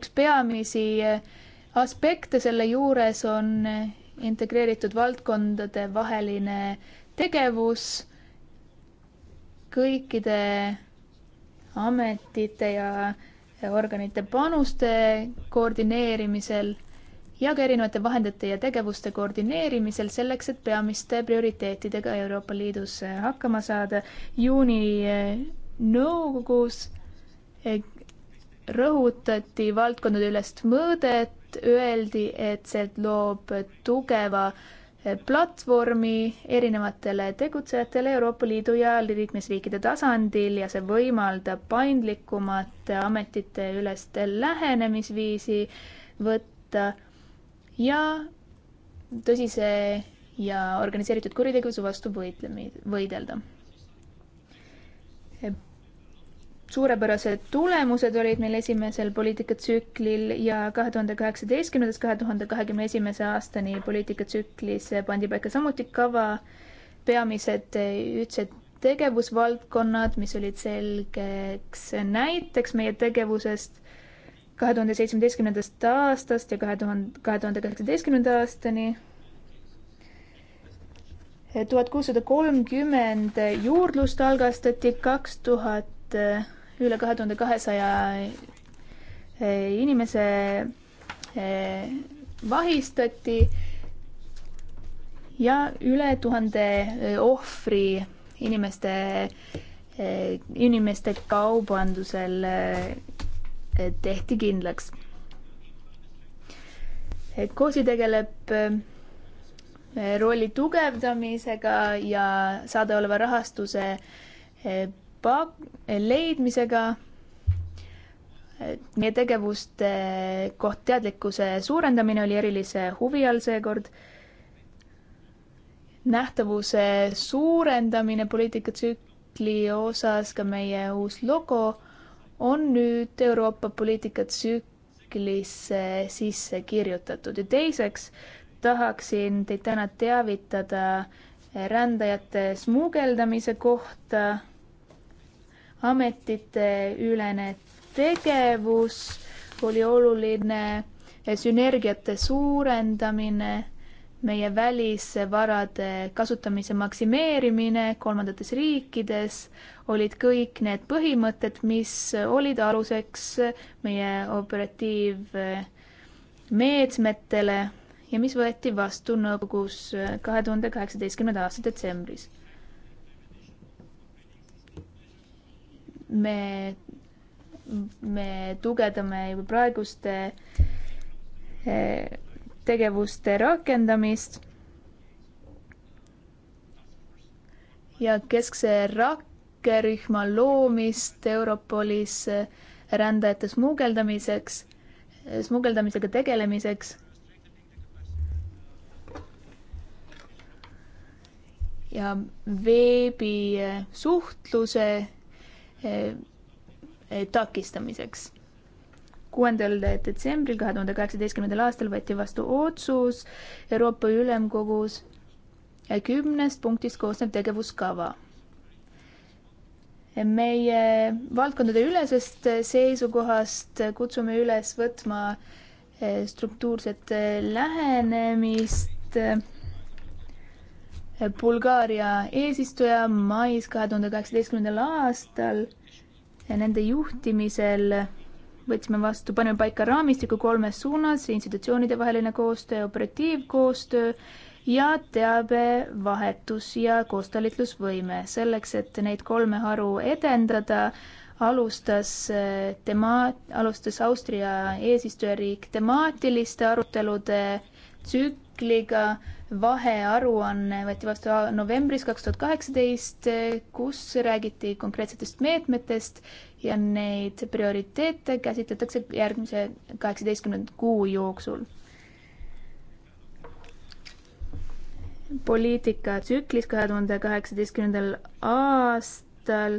üks peamisi aspekte selle juures on integreeritud valdkondade vaheline tegevus kõikide ametite ja organite panuste koordineerimisel ja ka erinevate vahendite ja tegevuste koordineerimisel selleks, et peamiste prioriteetidega Euroopa Liidus hakkama saada. juuni eh, nõukogus eh, rõhutati valdkondadeülest mõõdet et öeldi, et see loob tugeva eh, platvormi erinevatele tegutsejatele Euroopa Liidu ja liikmesriikide tasandil ja see võimaldab paindlikumat ametite ülest lähenemisviisi võtta ja tõsise ja organiseeritud kuritegevuse vastu võitlemi-, võidelda suurepärased tulemused olid meil esimesel poliitikatsüklil ja kahe tuhande kaheksateistkümnendast kahe tuhande kahekümne esimese aastani poliitikatsüklis pandi paika samuti kava peamised ühtsed tegevusvaldkonnad, mis olid selgeks näiteks meie tegevusest kahe tuhande seitsmeteistkümnendast aastast ja kahe tuhande, kahe tuhande kaheksateistkümnenda aastani tuhat kuussada kolmkümmend juurdlust algastati, kaks tuhat üle kahe tuhande kahesaja eh, inimese eh, vahistati ja üle tuhande eh, ohvri inimeste, inimeste kaubandusel tehti kindlaks. KOS-i tegeleb rolli tugevdamisega ja saadaoleva rahastuse Euroopa leidmisega meie tegevuste koht teadlikkuse suurendamine oli erilise huvi all seekord. nähtavuse suurendamine poliitikatsükli osas, ka meie uus logo on nüüd Euroopa poliitikatsüklisse sisse kirjutatud ja teiseks tahaksin teid täna teavitada rändajate smugeldamise kohta ametiteülene tegevus oli oluline, sünergiate suurendamine, meie välisvarade kasutamise maksimeerimine kolmandates riikides olid kõik need põhimõtted, mis olid aluseks meie operatiivmeetmetele ja mis võeti vastu nõukogus kahe tuhande kaheksateistkümnenda aasta detsembris me, me tugevdame juba praeguste eh, tegevuste rakendamist. ja keskse rakkerühma loomist Europolis eh, rändajate smugeldamiseks, eh, smugeldamisega tegelemiseks ja veebisuhtluse Eh, eh, takistamiseks. kuuendal detsembril kahe tuhande kaheksateistkümnendal aastal võeti vastu otsus Euroopa Ülemkogus eh, kümnest punktist koosnev tegevuskava meie valdkondade ülesest seisukohast kutsume üles võtma struktuurset lähenemist Bulgaaria eesistuja mais kahe tuhande kaheksateistkümnendal aastal nende juhtimisel võtsime vastu, panime paika raamistiku kolmes suunas, institutsioonide vaheline koostöö, operatiivkoostöö ja teabevahetus ja koostalitlusvõime. selleks, et neid kolme haru edendada, alustas eh, tema, alustas Austria eesistujariik temaatiliste arutelude tsükliga vahearuanne võeti vastu novembris kaks tuhat kaheksateist, kus räägiti konkreetsetest meetmetest ja neid prioriteete käsitletakse järgmise kaheksateistkümnenda kuu jooksul. poliitikatsüklis kahe tuhande kaheksateistkümnendal aastal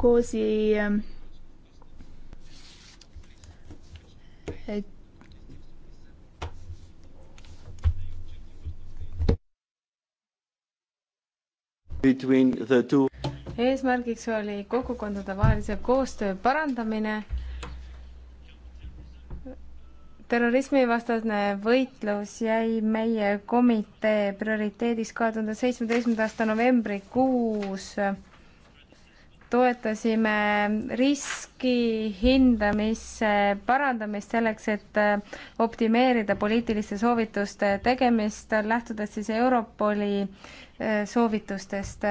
COSI ähm, eesmärgiks oli kogukondade vahelise koostöö parandamine, terrorismivastane võitlus jäi meie komitee prioriteediks kahe tuhande seitsmeteistkümnenda aasta novembrikuus. toetasime riski hindamisse parandamist selleks, et optimeerida poliitiliste soovituste tegemist, lähtudes siis Europoli Äh, soovitustest.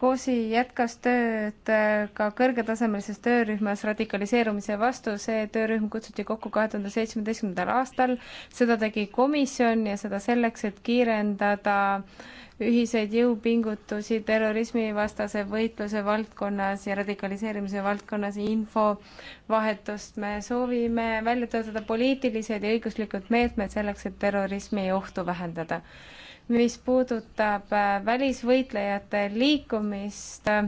COSI jätkas tööd äh, ka kõrgetasemelises töörühmas radikaliseerumise vastu, see töörühm kutsuti kokku kahe tuhande seitsmeteistkümnendal aastal, seda tegi komisjon ja seda selleks, et kiirendada ühiseid jõupingutusi terrorismivastase võitluse valdkonnas ja radikaliseerimise valdkonnas infovahetust. me soovime välja töötada poliitilised ja õiguslikud meetmed selleks, et terrorismi ohtu vähendada mis puudutab äh, välisvõitlejate liikumist äh,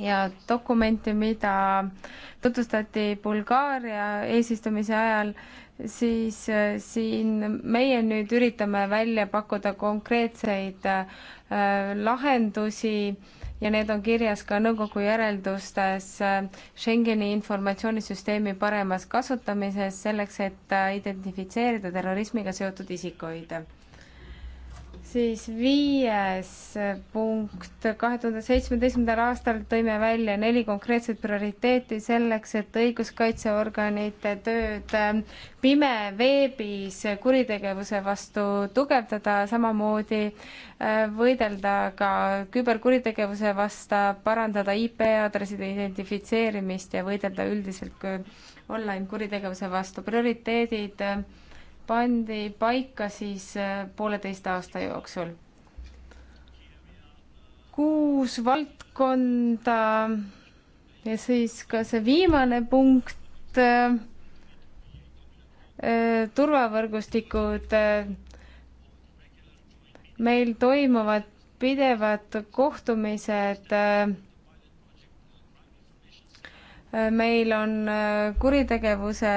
ja dokumenti, mida tutvustati Bulgaaria eesistumise ajal, siis äh, siin meie nüüd üritame välja pakkuda konkreetseid lahendusi ja need on kirjas ka nõukogu järeldustes Schengeni informatsioonisüsteemi paremas kasutamises selleks, et identifitseerida terrorismiga seotud isikuid siis viies punkt, kahe tuhande seitsmeteistkümnendal aastal tõime välja neli konkreetset prioriteeti selleks, et õiguskaitseorganite tööd ähm, pimeveebis kuritegevuse vastu tugevdada, samamoodi äh, võidelda ka küberkuritegevuse vastu, parandada IP-aadresside identifitseerimist ja võidelda üldiselt online kuritegevuse vastu. prioriteedid äh, pandi paika siis äh, pooleteist aasta jooksul. kuus valdkonda ja siis ka see viimane punkt äh,, äh turvavõrgustikud äh,. meil toimuvad pidevad kohtumised äh, äh meil on kuritegevuse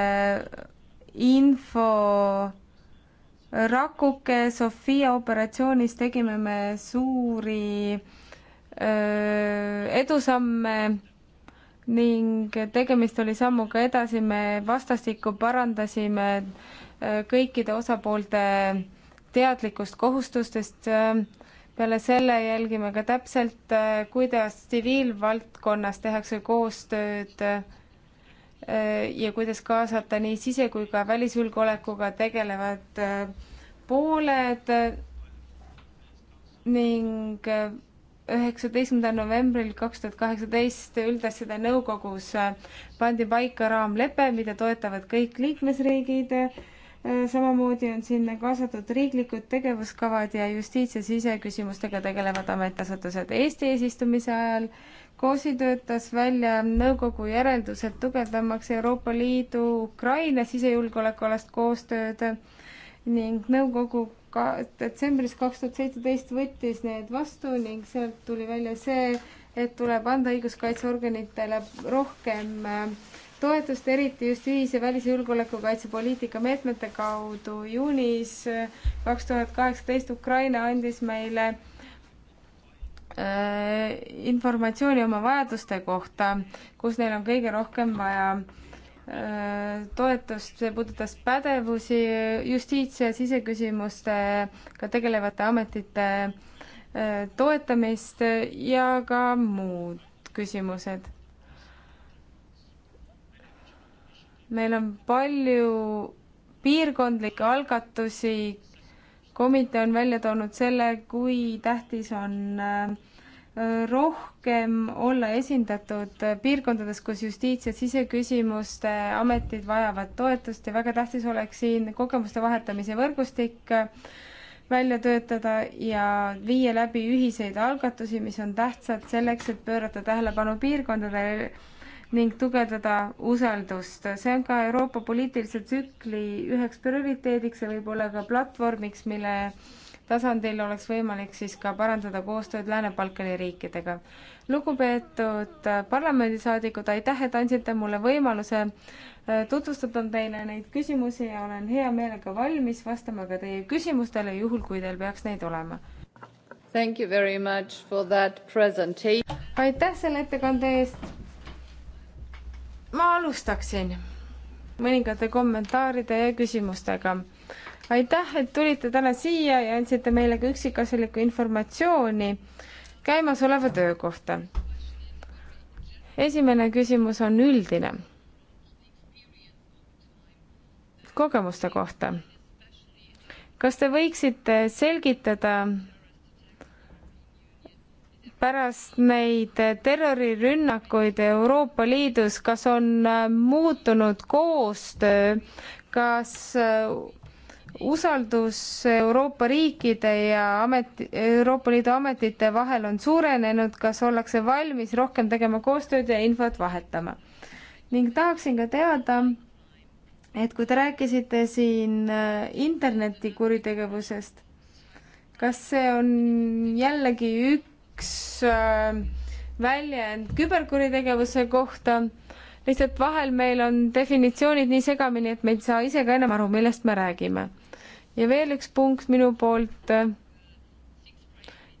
info rakuke Sofia operatsioonis tegime me suuri öö, edusamme ning tegemist oli sammuga edasi, me vastastikku parandasime kõikide osapoolte teadlikkust kohustustest. peale selle jälgime ka täpselt, kuidas tsiviilvaldkonnas tehakse koostööd Äh, ja kuidas kaasata nii sise- kui ka välisjulgeolekuga tegelevad äh, pooled äh, ning üheksateistkümnendal novembril kaks tuhat kaheksateist üldasjade nõukogus pandi paika raamlepe, mida toetavad kõik liikmesriigid. samamoodi on sinna kaasatud riiklikud tegevuskavad ja justiits- ja siseküsimustega tegelevad ametiasutused. Eesti eesistumise ajal äh, Koosi töötas välja nõukogu järeldused tugevdamaks Euroopa Liidu Ukraina sisejulgeolekualast koostööd ning nõukogu ka detsembris kaks tuhat seitseteist võttis need vastu ning sealt tuli välja see, et tuleb anda õiguskaitseorganitele rohkem äh, toetust, eriti just ühise välis- ja julgeolekukaitsepoliitika meetmete kaudu. juunis äh, kaks tuhat kaheksateist Ukraina andis meile Äh, informatsiooni oma vajaduste kohta, kus neil on kõige rohkem vaja äh, toetust, see puudutas pädevusi justiits- ja siseküsimustega tegelevate ametite äh, toetamist ja ka muud küsimused. meil on palju piirkondlikke algatusi komitee on välja toonud selle, kui tähtis on äh, rohkem olla esindatud piirkondades, kus justiits- ja siseküsimuste ametid vajavad toetust ja väga tähtis oleks siin kogemuste vahetamise võrgustik äh, välja töötada ja viia läbi ühiseid algatusi, mis on tähtsad selleks, et pöörata tähelepanu piirkondadele ning tugevdada usaldust. see on ka Euroopa poliitilise tsükli üheks prioriteediks ja võib-olla ka platvormiks, mille tasandil oleks võimalik siis ka parandada koostööd Lääne-Balkani riikidega. lugupeetud parlamendisaadikud, aitäh, et andsite mulle võimaluse äh, tutvustada teile neid küsimusi ja olen hea meelega valmis vastama ka teie küsimustele, juhul kui teil peaks neid olema. Thank you very much for that presentation. aitäh selle ettekande eest ma alustaksin mõningate kommentaaride ja küsimustega. aitäh, et tulite täna siia ja andsite meile ka üksikasjalikku informatsiooni käimasoleva töö kohta. esimene küsimus on üldine. kogemuste kohta. kas te võiksite selgitada pärast neid terrorirünnakuid Euroopa Liidus, kas on äh, muutunud koostöö, kas äh, usaldus Euroopa riikide ja ameti, Euroopa Liidu ametite vahel on suurenenud, kas ollakse valmis rohkem tegema koostööd ja infot vahetama? ning tahaksin ka teada, et kui te rääkisite siin äh, internetikuritegevusest, kas see on jällegi üks üks äh, väljend küberkuritegevuse kohta, lihtsalt vahel meil on definitsioonid nii segamini, et me ei saa ise ka enam aru, millest me räägime. ja veel üks punkt minu poolt.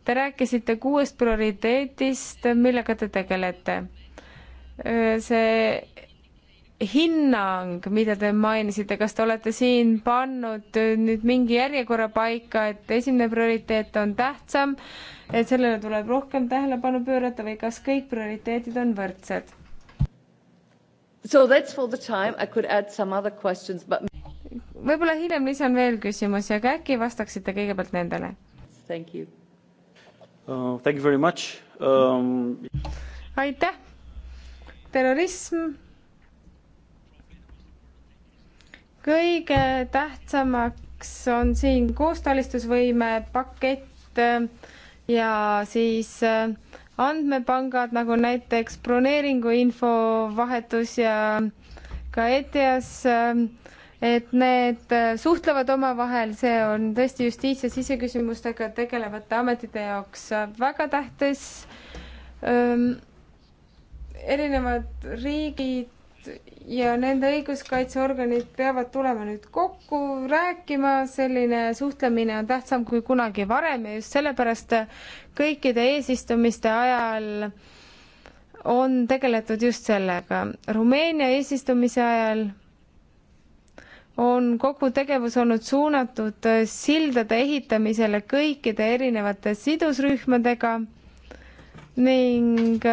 Te rääkisite kuuest prioriteedist, millega te tegelete. Äh, see hinnang, mida te mainisite, kas te olete siin pannud nüüd mingi järjekorra paika, et esimene prioriteet on tähtsam, et sellele tuleb rohkem tähelepanu pöörata või kas kõik prioriteedid on võrdsed? So that's for the time, I could add some other questions but võib-olla hiljem lisan veel küsimusi, aga äkki vastaksite kõigepealt nendele? Thank you uh,. Thank you very much um.... aitäh. terrorism kõige tähtsamaks on siin koostalistusvõime pakett äh, ja siis äh, andmepangad nagu näiteks broneeringuinfo vahetus ja ka ETIAS, äh, et need suhtlevad omavahel, see on tõesti justiits- ja siseküsimustega tegelevate ametite jaoks väga tähtis. Ähm, erinevad riigid ja nende õiguskaitseorganid peavad tulema nüüd kokku rääkima, selline suhtlemine on tähtsam kui kunagi varem ja just sellepärast kõikide eesistumiste ajal on tegeletud just sellega. Rumeenia eesistumise ajal on kogu tegevus olnud suunatud sildade ehitamisele kõikide erinevate sidusrühmadega ning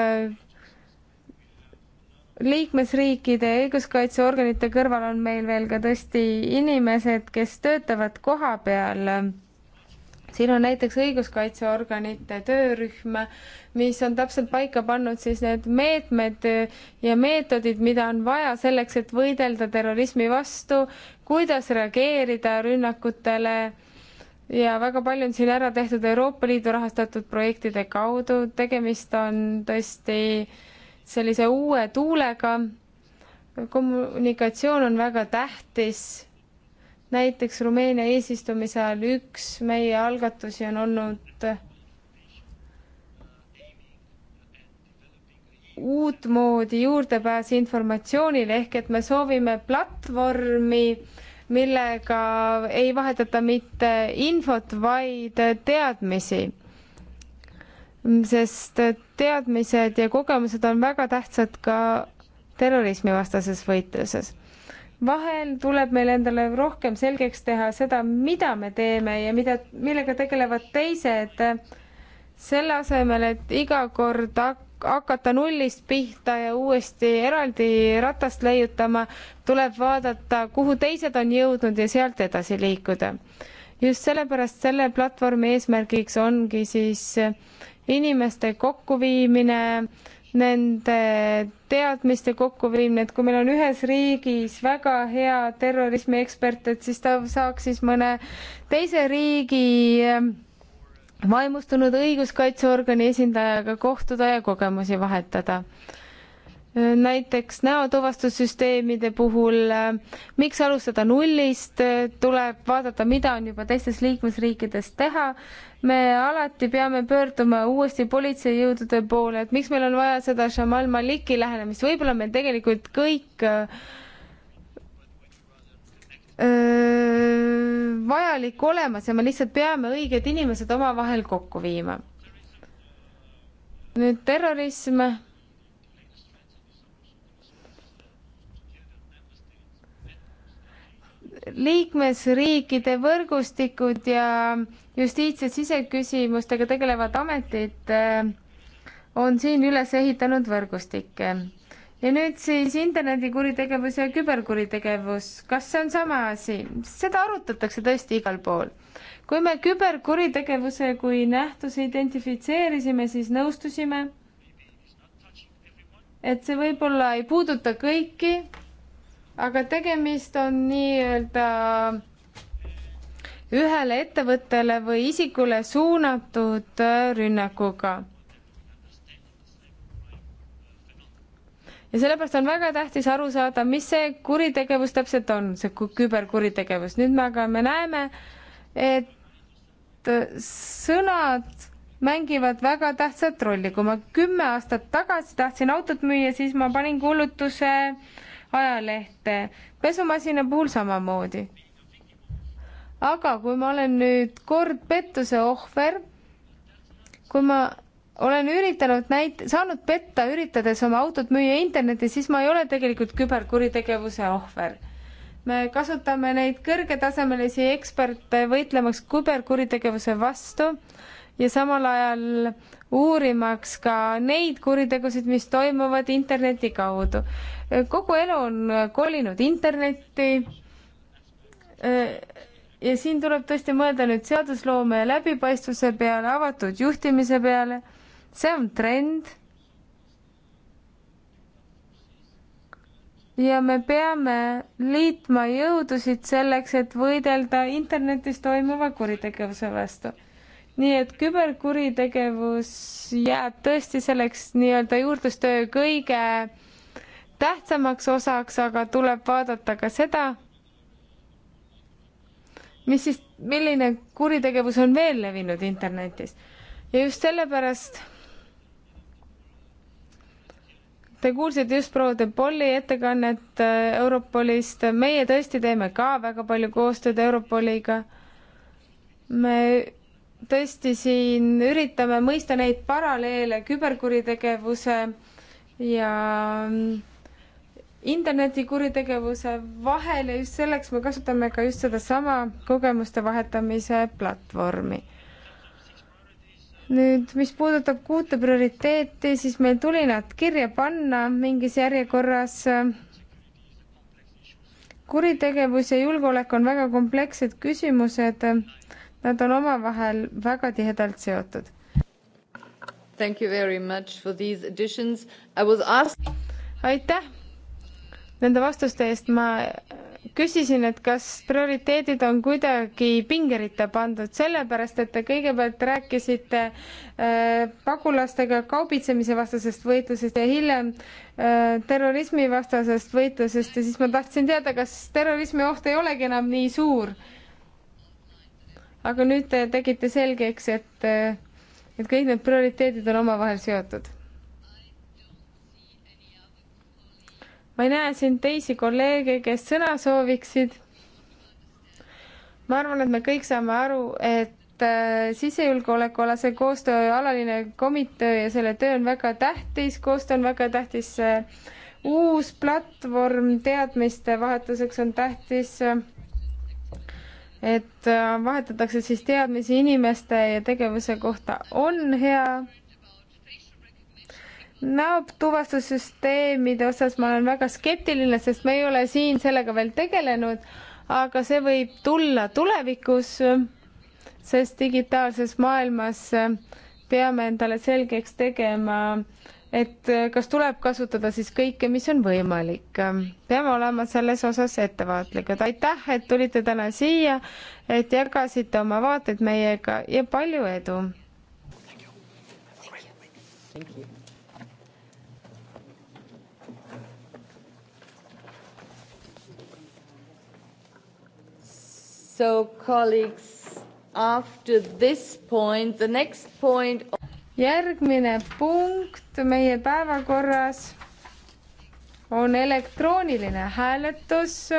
liikmesriikide õiguskaitseorganite kõrval on meil veel ka tõesti inimesed, kes töötavad koha peal. siin on näiteks õiguskaitseorganite töörühm, mis on täpselt paika pannud siis need meetmed ja meetodid, mida on vaja selleks, et võidelda terrorismi vastu, kuidas reageerida rünnakutele ja väga palju on siin ära tehtud Euroopa Liidu rahastatud projektide kaudu, tegemist on tõesti äh, sellise uue tuulega. kommunikatsioon on väga tähtis. näiteks Rumeenia eesistumise ajal üks meie algatusi on olnud uutmoodi juurdepääs informatsioonile ehk et me soovime platvormi, millega ei vahetata mitte infot, vaid teadmisi sest teadmised ja kogemused on väga tähtsad ka terrorismivastases võitluses. vahel tuleb meil endale rohkem selgeks teha seda, mida me teeme ja mida, millega tegelevad teised, selle asemel, et iga kord hakata nullist pihta ja uuesti eraldi ratast leiutama, tuleb vaadata, kuhu teised on jõudnud ja sealt edasi liikuda. just sellepärast selle platvormi eesmärgiks ongi siis äh, inimeste kokkuviimine, nende teadmiste kokkuviimine, et kui meil on ühes riigis väga hea terrorismiekspert, et siis ta saaks siis mõne teise riigi ehm, vaimustunud õiguskaitseorgani esindajaga kohtuda ja kogemusi vahetada näiteks näotuvastussüsteemide puhul, miks alustada nullist, tuleb vaadata, mida on juba teistes liikmesriikides teha. me alati peame pöörduma uuesti politseijõudude poole, et miks meil on vaja seda Jamal Maliki lähenemist, võib-olla meil tegelikult kõik öö, vajalik olemas ja me lihtsalt peame õiged inimesed omavahel kokku viima. nüüd terrorism liikmesriikide võrgustikud ja justiits- ja siseküsimustega tegelevad ametid äh, on siin üles ehitanud võrgustikke. ja nüüd siis internetikuritegevus ja küberkuritegevus, kas see on sama asi? seda arutatakse tõesti igal pool. kui me küberkuritegevuse kui nähtuse identifitseerisime, siis nõustusime, et see võib-olla ei puuduta kõiki aga tegemist on nii-öelda ühele ettevõttele või isikule suunatud äh, rünnakuga. ja sellepärast on väga tähtis aru saada, mis see kuritegevus täpselt on, see küberkuritegevus. nüüd me aga, me näeme, et äh, sõnad mängivad väga tähtsat rolli. kui ma kümme aastat tagasi tahtsin autot müüa, siis ma panin kuulutuse äh, ajalehte, pesumasina puhul samamoodi. aga kui ma olen nüüd kord pettuse ohver, kui ma olen üritanud näit-, saanud petta, üritades oma autot müüa internetis, siis ma ei ole tegelikult küberkuritegevuse ohver. me kasutame neid kõrgetasemelisi eksperte võitlemaks küberkuritegevuse vastu ja samal ajal uurimaks ka neid kuritegusid, mis toimuvad interneti kaudu. kogu elu on kolinud internetti. ja siin tuleb tõesti mõelda nüüd seadusloome läbipaistvuse peale, avatud juhtimise peale. see on trend. ja me peame liitma jõudusid selleks, et võidelda internetis toimuva kuritegevuse vastu nii et küberkuritegevus jääb tõesti selleks nii-öelda juurdlustöö kõige tähtsamaks osaks, aga tuleb vaadata ka seda, mis siis, milline kuritegevus on veel levinud internetis. ja just sellepärast Te kuulsite just proua De Polli ettekannet äh, Europolist, meie tõesti teeme ka väga palju koostööd Europoliga. me tõesti siin üritame mõista neid paralleele küberkuritegevuse ja mm, internetikuritegevuse vahel ja just selleks me kasutame ka just sedasama kogemuste vahetamise platvormi. nüüd, mis puudutab kuute prioriteeti, siis meil tuli nad kirja panna mingis järjekorras. kuritegevus ja julgeolek on väga komplekssed küsimused Nad on omavahel väga tihedalt seotud. Thank you very much for these additions. I was asked. aitäh nende vastuste eest. ma küsisin, et kas prioriteedid on kuidagi pingeritta pandud, sellepärast et te kõigepealt rääkisite äh, pagulastega kaubitsemise vastasest võitlusest ja hiljem äh, terrorismi vastasest võitlusest ja siis ma tahtsin teada, kas terrorismi oht ei olegi enam nii suur aga nüüd te tegite selgeks, et, et kõik need prioriteedid on omavahel seotud. ma ei näe siin teisi kolleege, kes sõna sooviksid. ma arvan, et me kõik saame aru, et äh, sisejulgeolekualase koostöö alaline komitee ja selle töö on väga tähtis, koostöö on väga tähtis. Äh, uus platvorm teadmiste vahetuseks on tähtis et äh, vahetatakse siis teadmisi inimeste ja tegevuse kohta, on hea. näotuvastussüsteemide osas ma olen väga skeptiline, sest me ei ole siin sellega veel tegelenud, aga see võib tulla tulevikus, sest digitaalses maailmas peame endale selgeks tegema äh, et äh, kas tuleb kasutada siis kõike, mis on võimalik. peame olema selles osas ettevaatlikud. aitäh, et tulite täna siia, et jagasite oma vaateid meiega ja palju edu! Thank you. So colleagues, after this point, the next point järgmine punkt meie päevakorras on elektrooniline hääletus.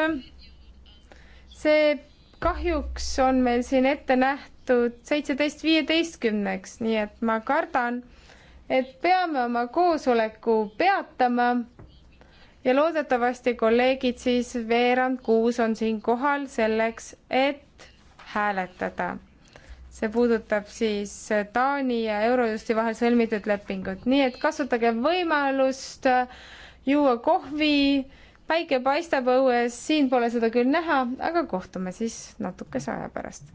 see kahjuks on meil siin ette nähtud seitseteist viieteistkümneks, nii et ma kardan, et peame oma koosoleku peatama ja loodetavasti kolleegid siis veerand kuus on siin kohal selleks, et hääletada see puudutab siis Taani ja Eurojusti vahel sõlmitud lepingut, nii et kasutage võimalust äh, juua kohvi, päike paistab õues, siin pole seda küll näha, aga kohtume siis natukese aja pärast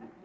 Thank you.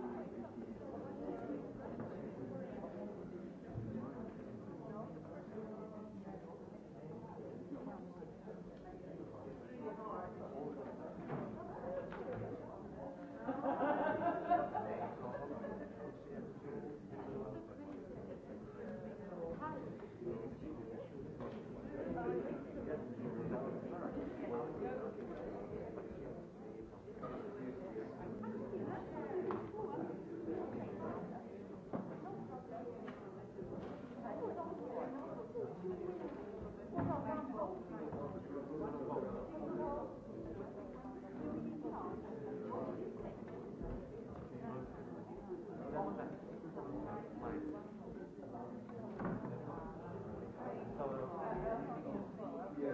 Yeah.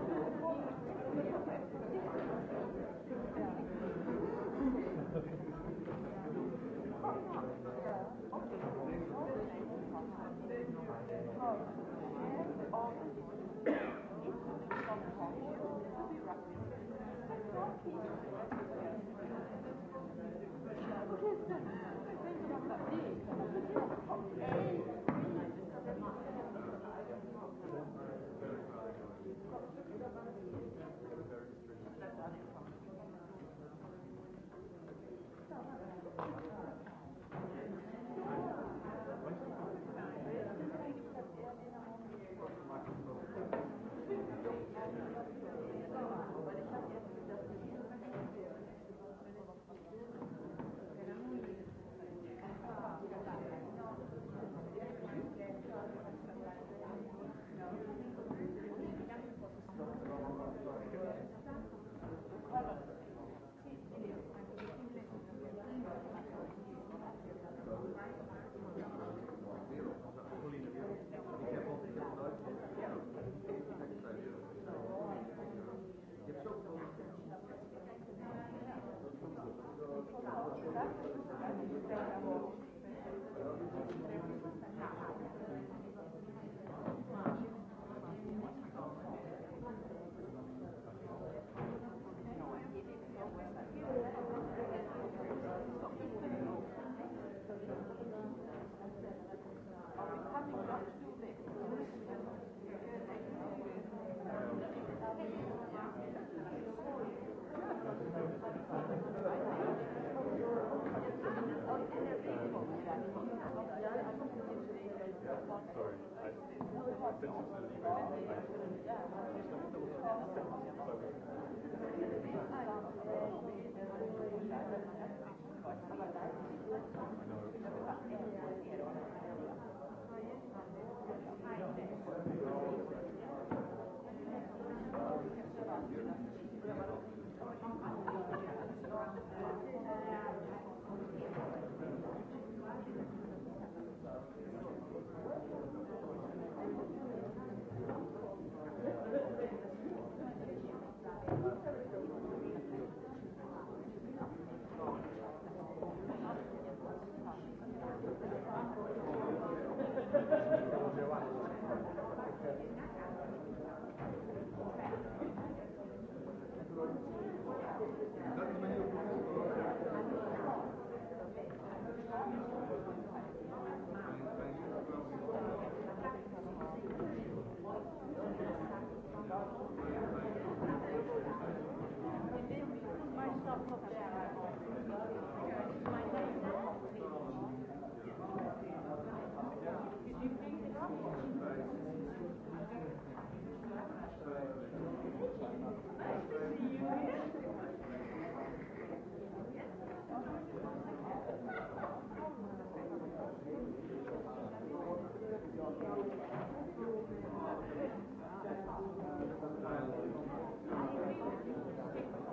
I know.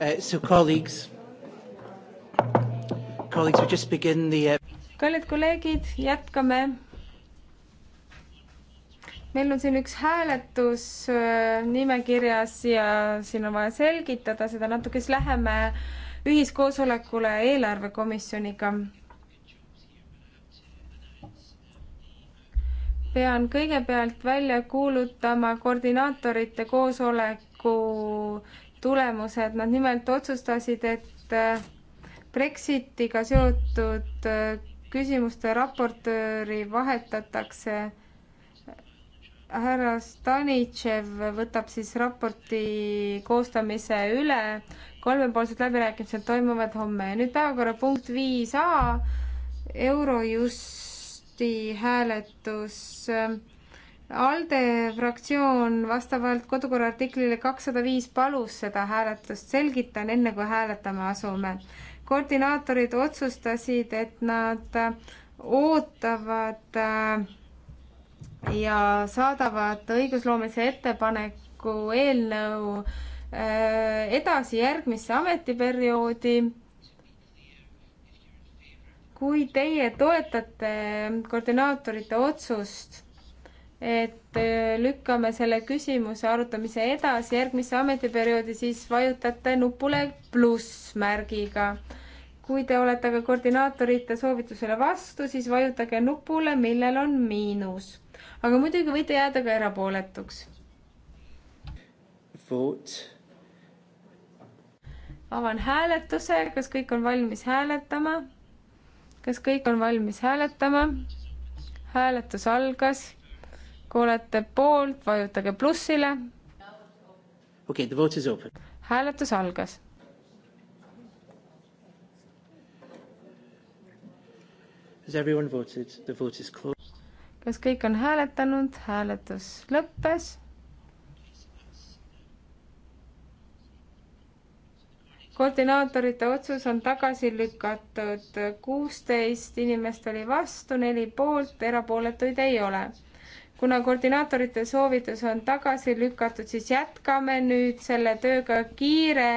Uh, so colleagues, colleagues, we just begin the uh... kallid kolleegid, jätkame. meil on siin üks hääletus uh, nimekirjas ja siin on vaja selgitada seda natuke, siis läheme ühiskoosolekule eelarvekomisjoniga. pean kõigepealt välja kuulutama koordinaatorite koosoleku tulemused, nad nimelt otsustasid, et äh, Brexitiga seotud äh, küsimuste raportööri vahetatakse. härra Stanitšev võtab siis raporti koostamise üle. kolmepoolsed läbirääkimised toimuvad homme ja nüüd päevakorrapunkt viis A, Eurojusti hääletus ALDE fraktsioon vastavalt kodukorra artiklile kakssada viis palus seda hääletust, selgitan enne, kui hääletama asume. koordinaatorid otsustasid, et nad ootavad äh, ja saadavad õigusloomelise ettepaneku eelnõu äh, edasi järgmisse ametiperioodi kui teie toetate koordinaatorite otsust et äh, lükkame selle küsimuse arutamise edasi järgmisse ametiperioodi, siis vajutate nupule plussmärgiga. kui te olete aga koordinaatorite soovitusele vastu, siis vajutage nupule, millel on miinus. aga muidugi võite jääda ka erapooletuks. avan hääletuse, kas kõik on valmis hääletama? kas kõik on valmis hääletama? hääletus algas kui olete poolt, vajutage plussile. okei okay,, the vote is open. hääletus algas. Has everyone voted? The vote is closed. kas kõik on hääletanud? hääletus lõppes. koordinaatorite otsus on tagasi lükatud, kuusteist inimest oli vastu, neli poolt, erapooletuid ei ole kuna koordinaatorite soovitus on tagasi lükatud, siis jätkame nüüd selle tööga kiire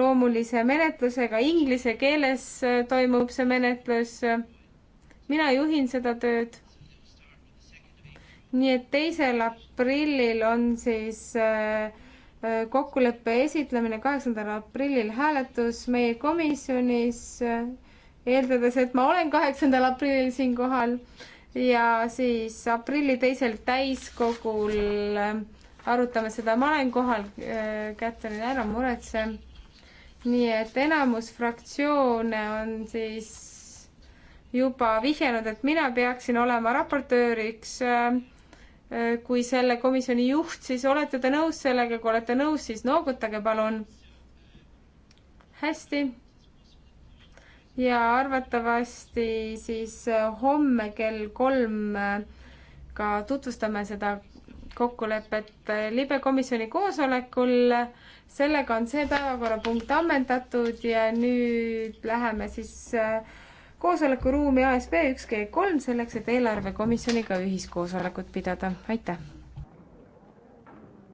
loomulise menetlusega, inglise keeles äh, toimub see menetlus. mina juhin seda tööd. nii et teisel aprillil on siis äh, äh, kokkuleppe esitlemine, kaheksandal aprillil hääletus meie komisjonis, eeldades, et ma olen kaheksandal aprillil siinkohal ja siis aprilli teisel täiskogul äh, arutame seda, ma olen kohal, äh, Kätlin, ära muretse. nii et enamus fraktsioone on siis juba vihjanud, et mina peaksin olema raportööriks äh, kui selle komisjoni juht, siis olete te nõus sellega, kui olete nõus, siis noogutage palun. hästi ja arvatavasti siis äh, homme kell kolm äh, ka tutvustame seda kokkulepet äh, libekomisjoni koosolekul. sellega on see päevakorrapunkt ammendatud ja nüüd läheme siis koosolekuruumi ASB üks G kolm selleks, et eelarvekomisjoniga ühiskoosolekut pidada. aitäh!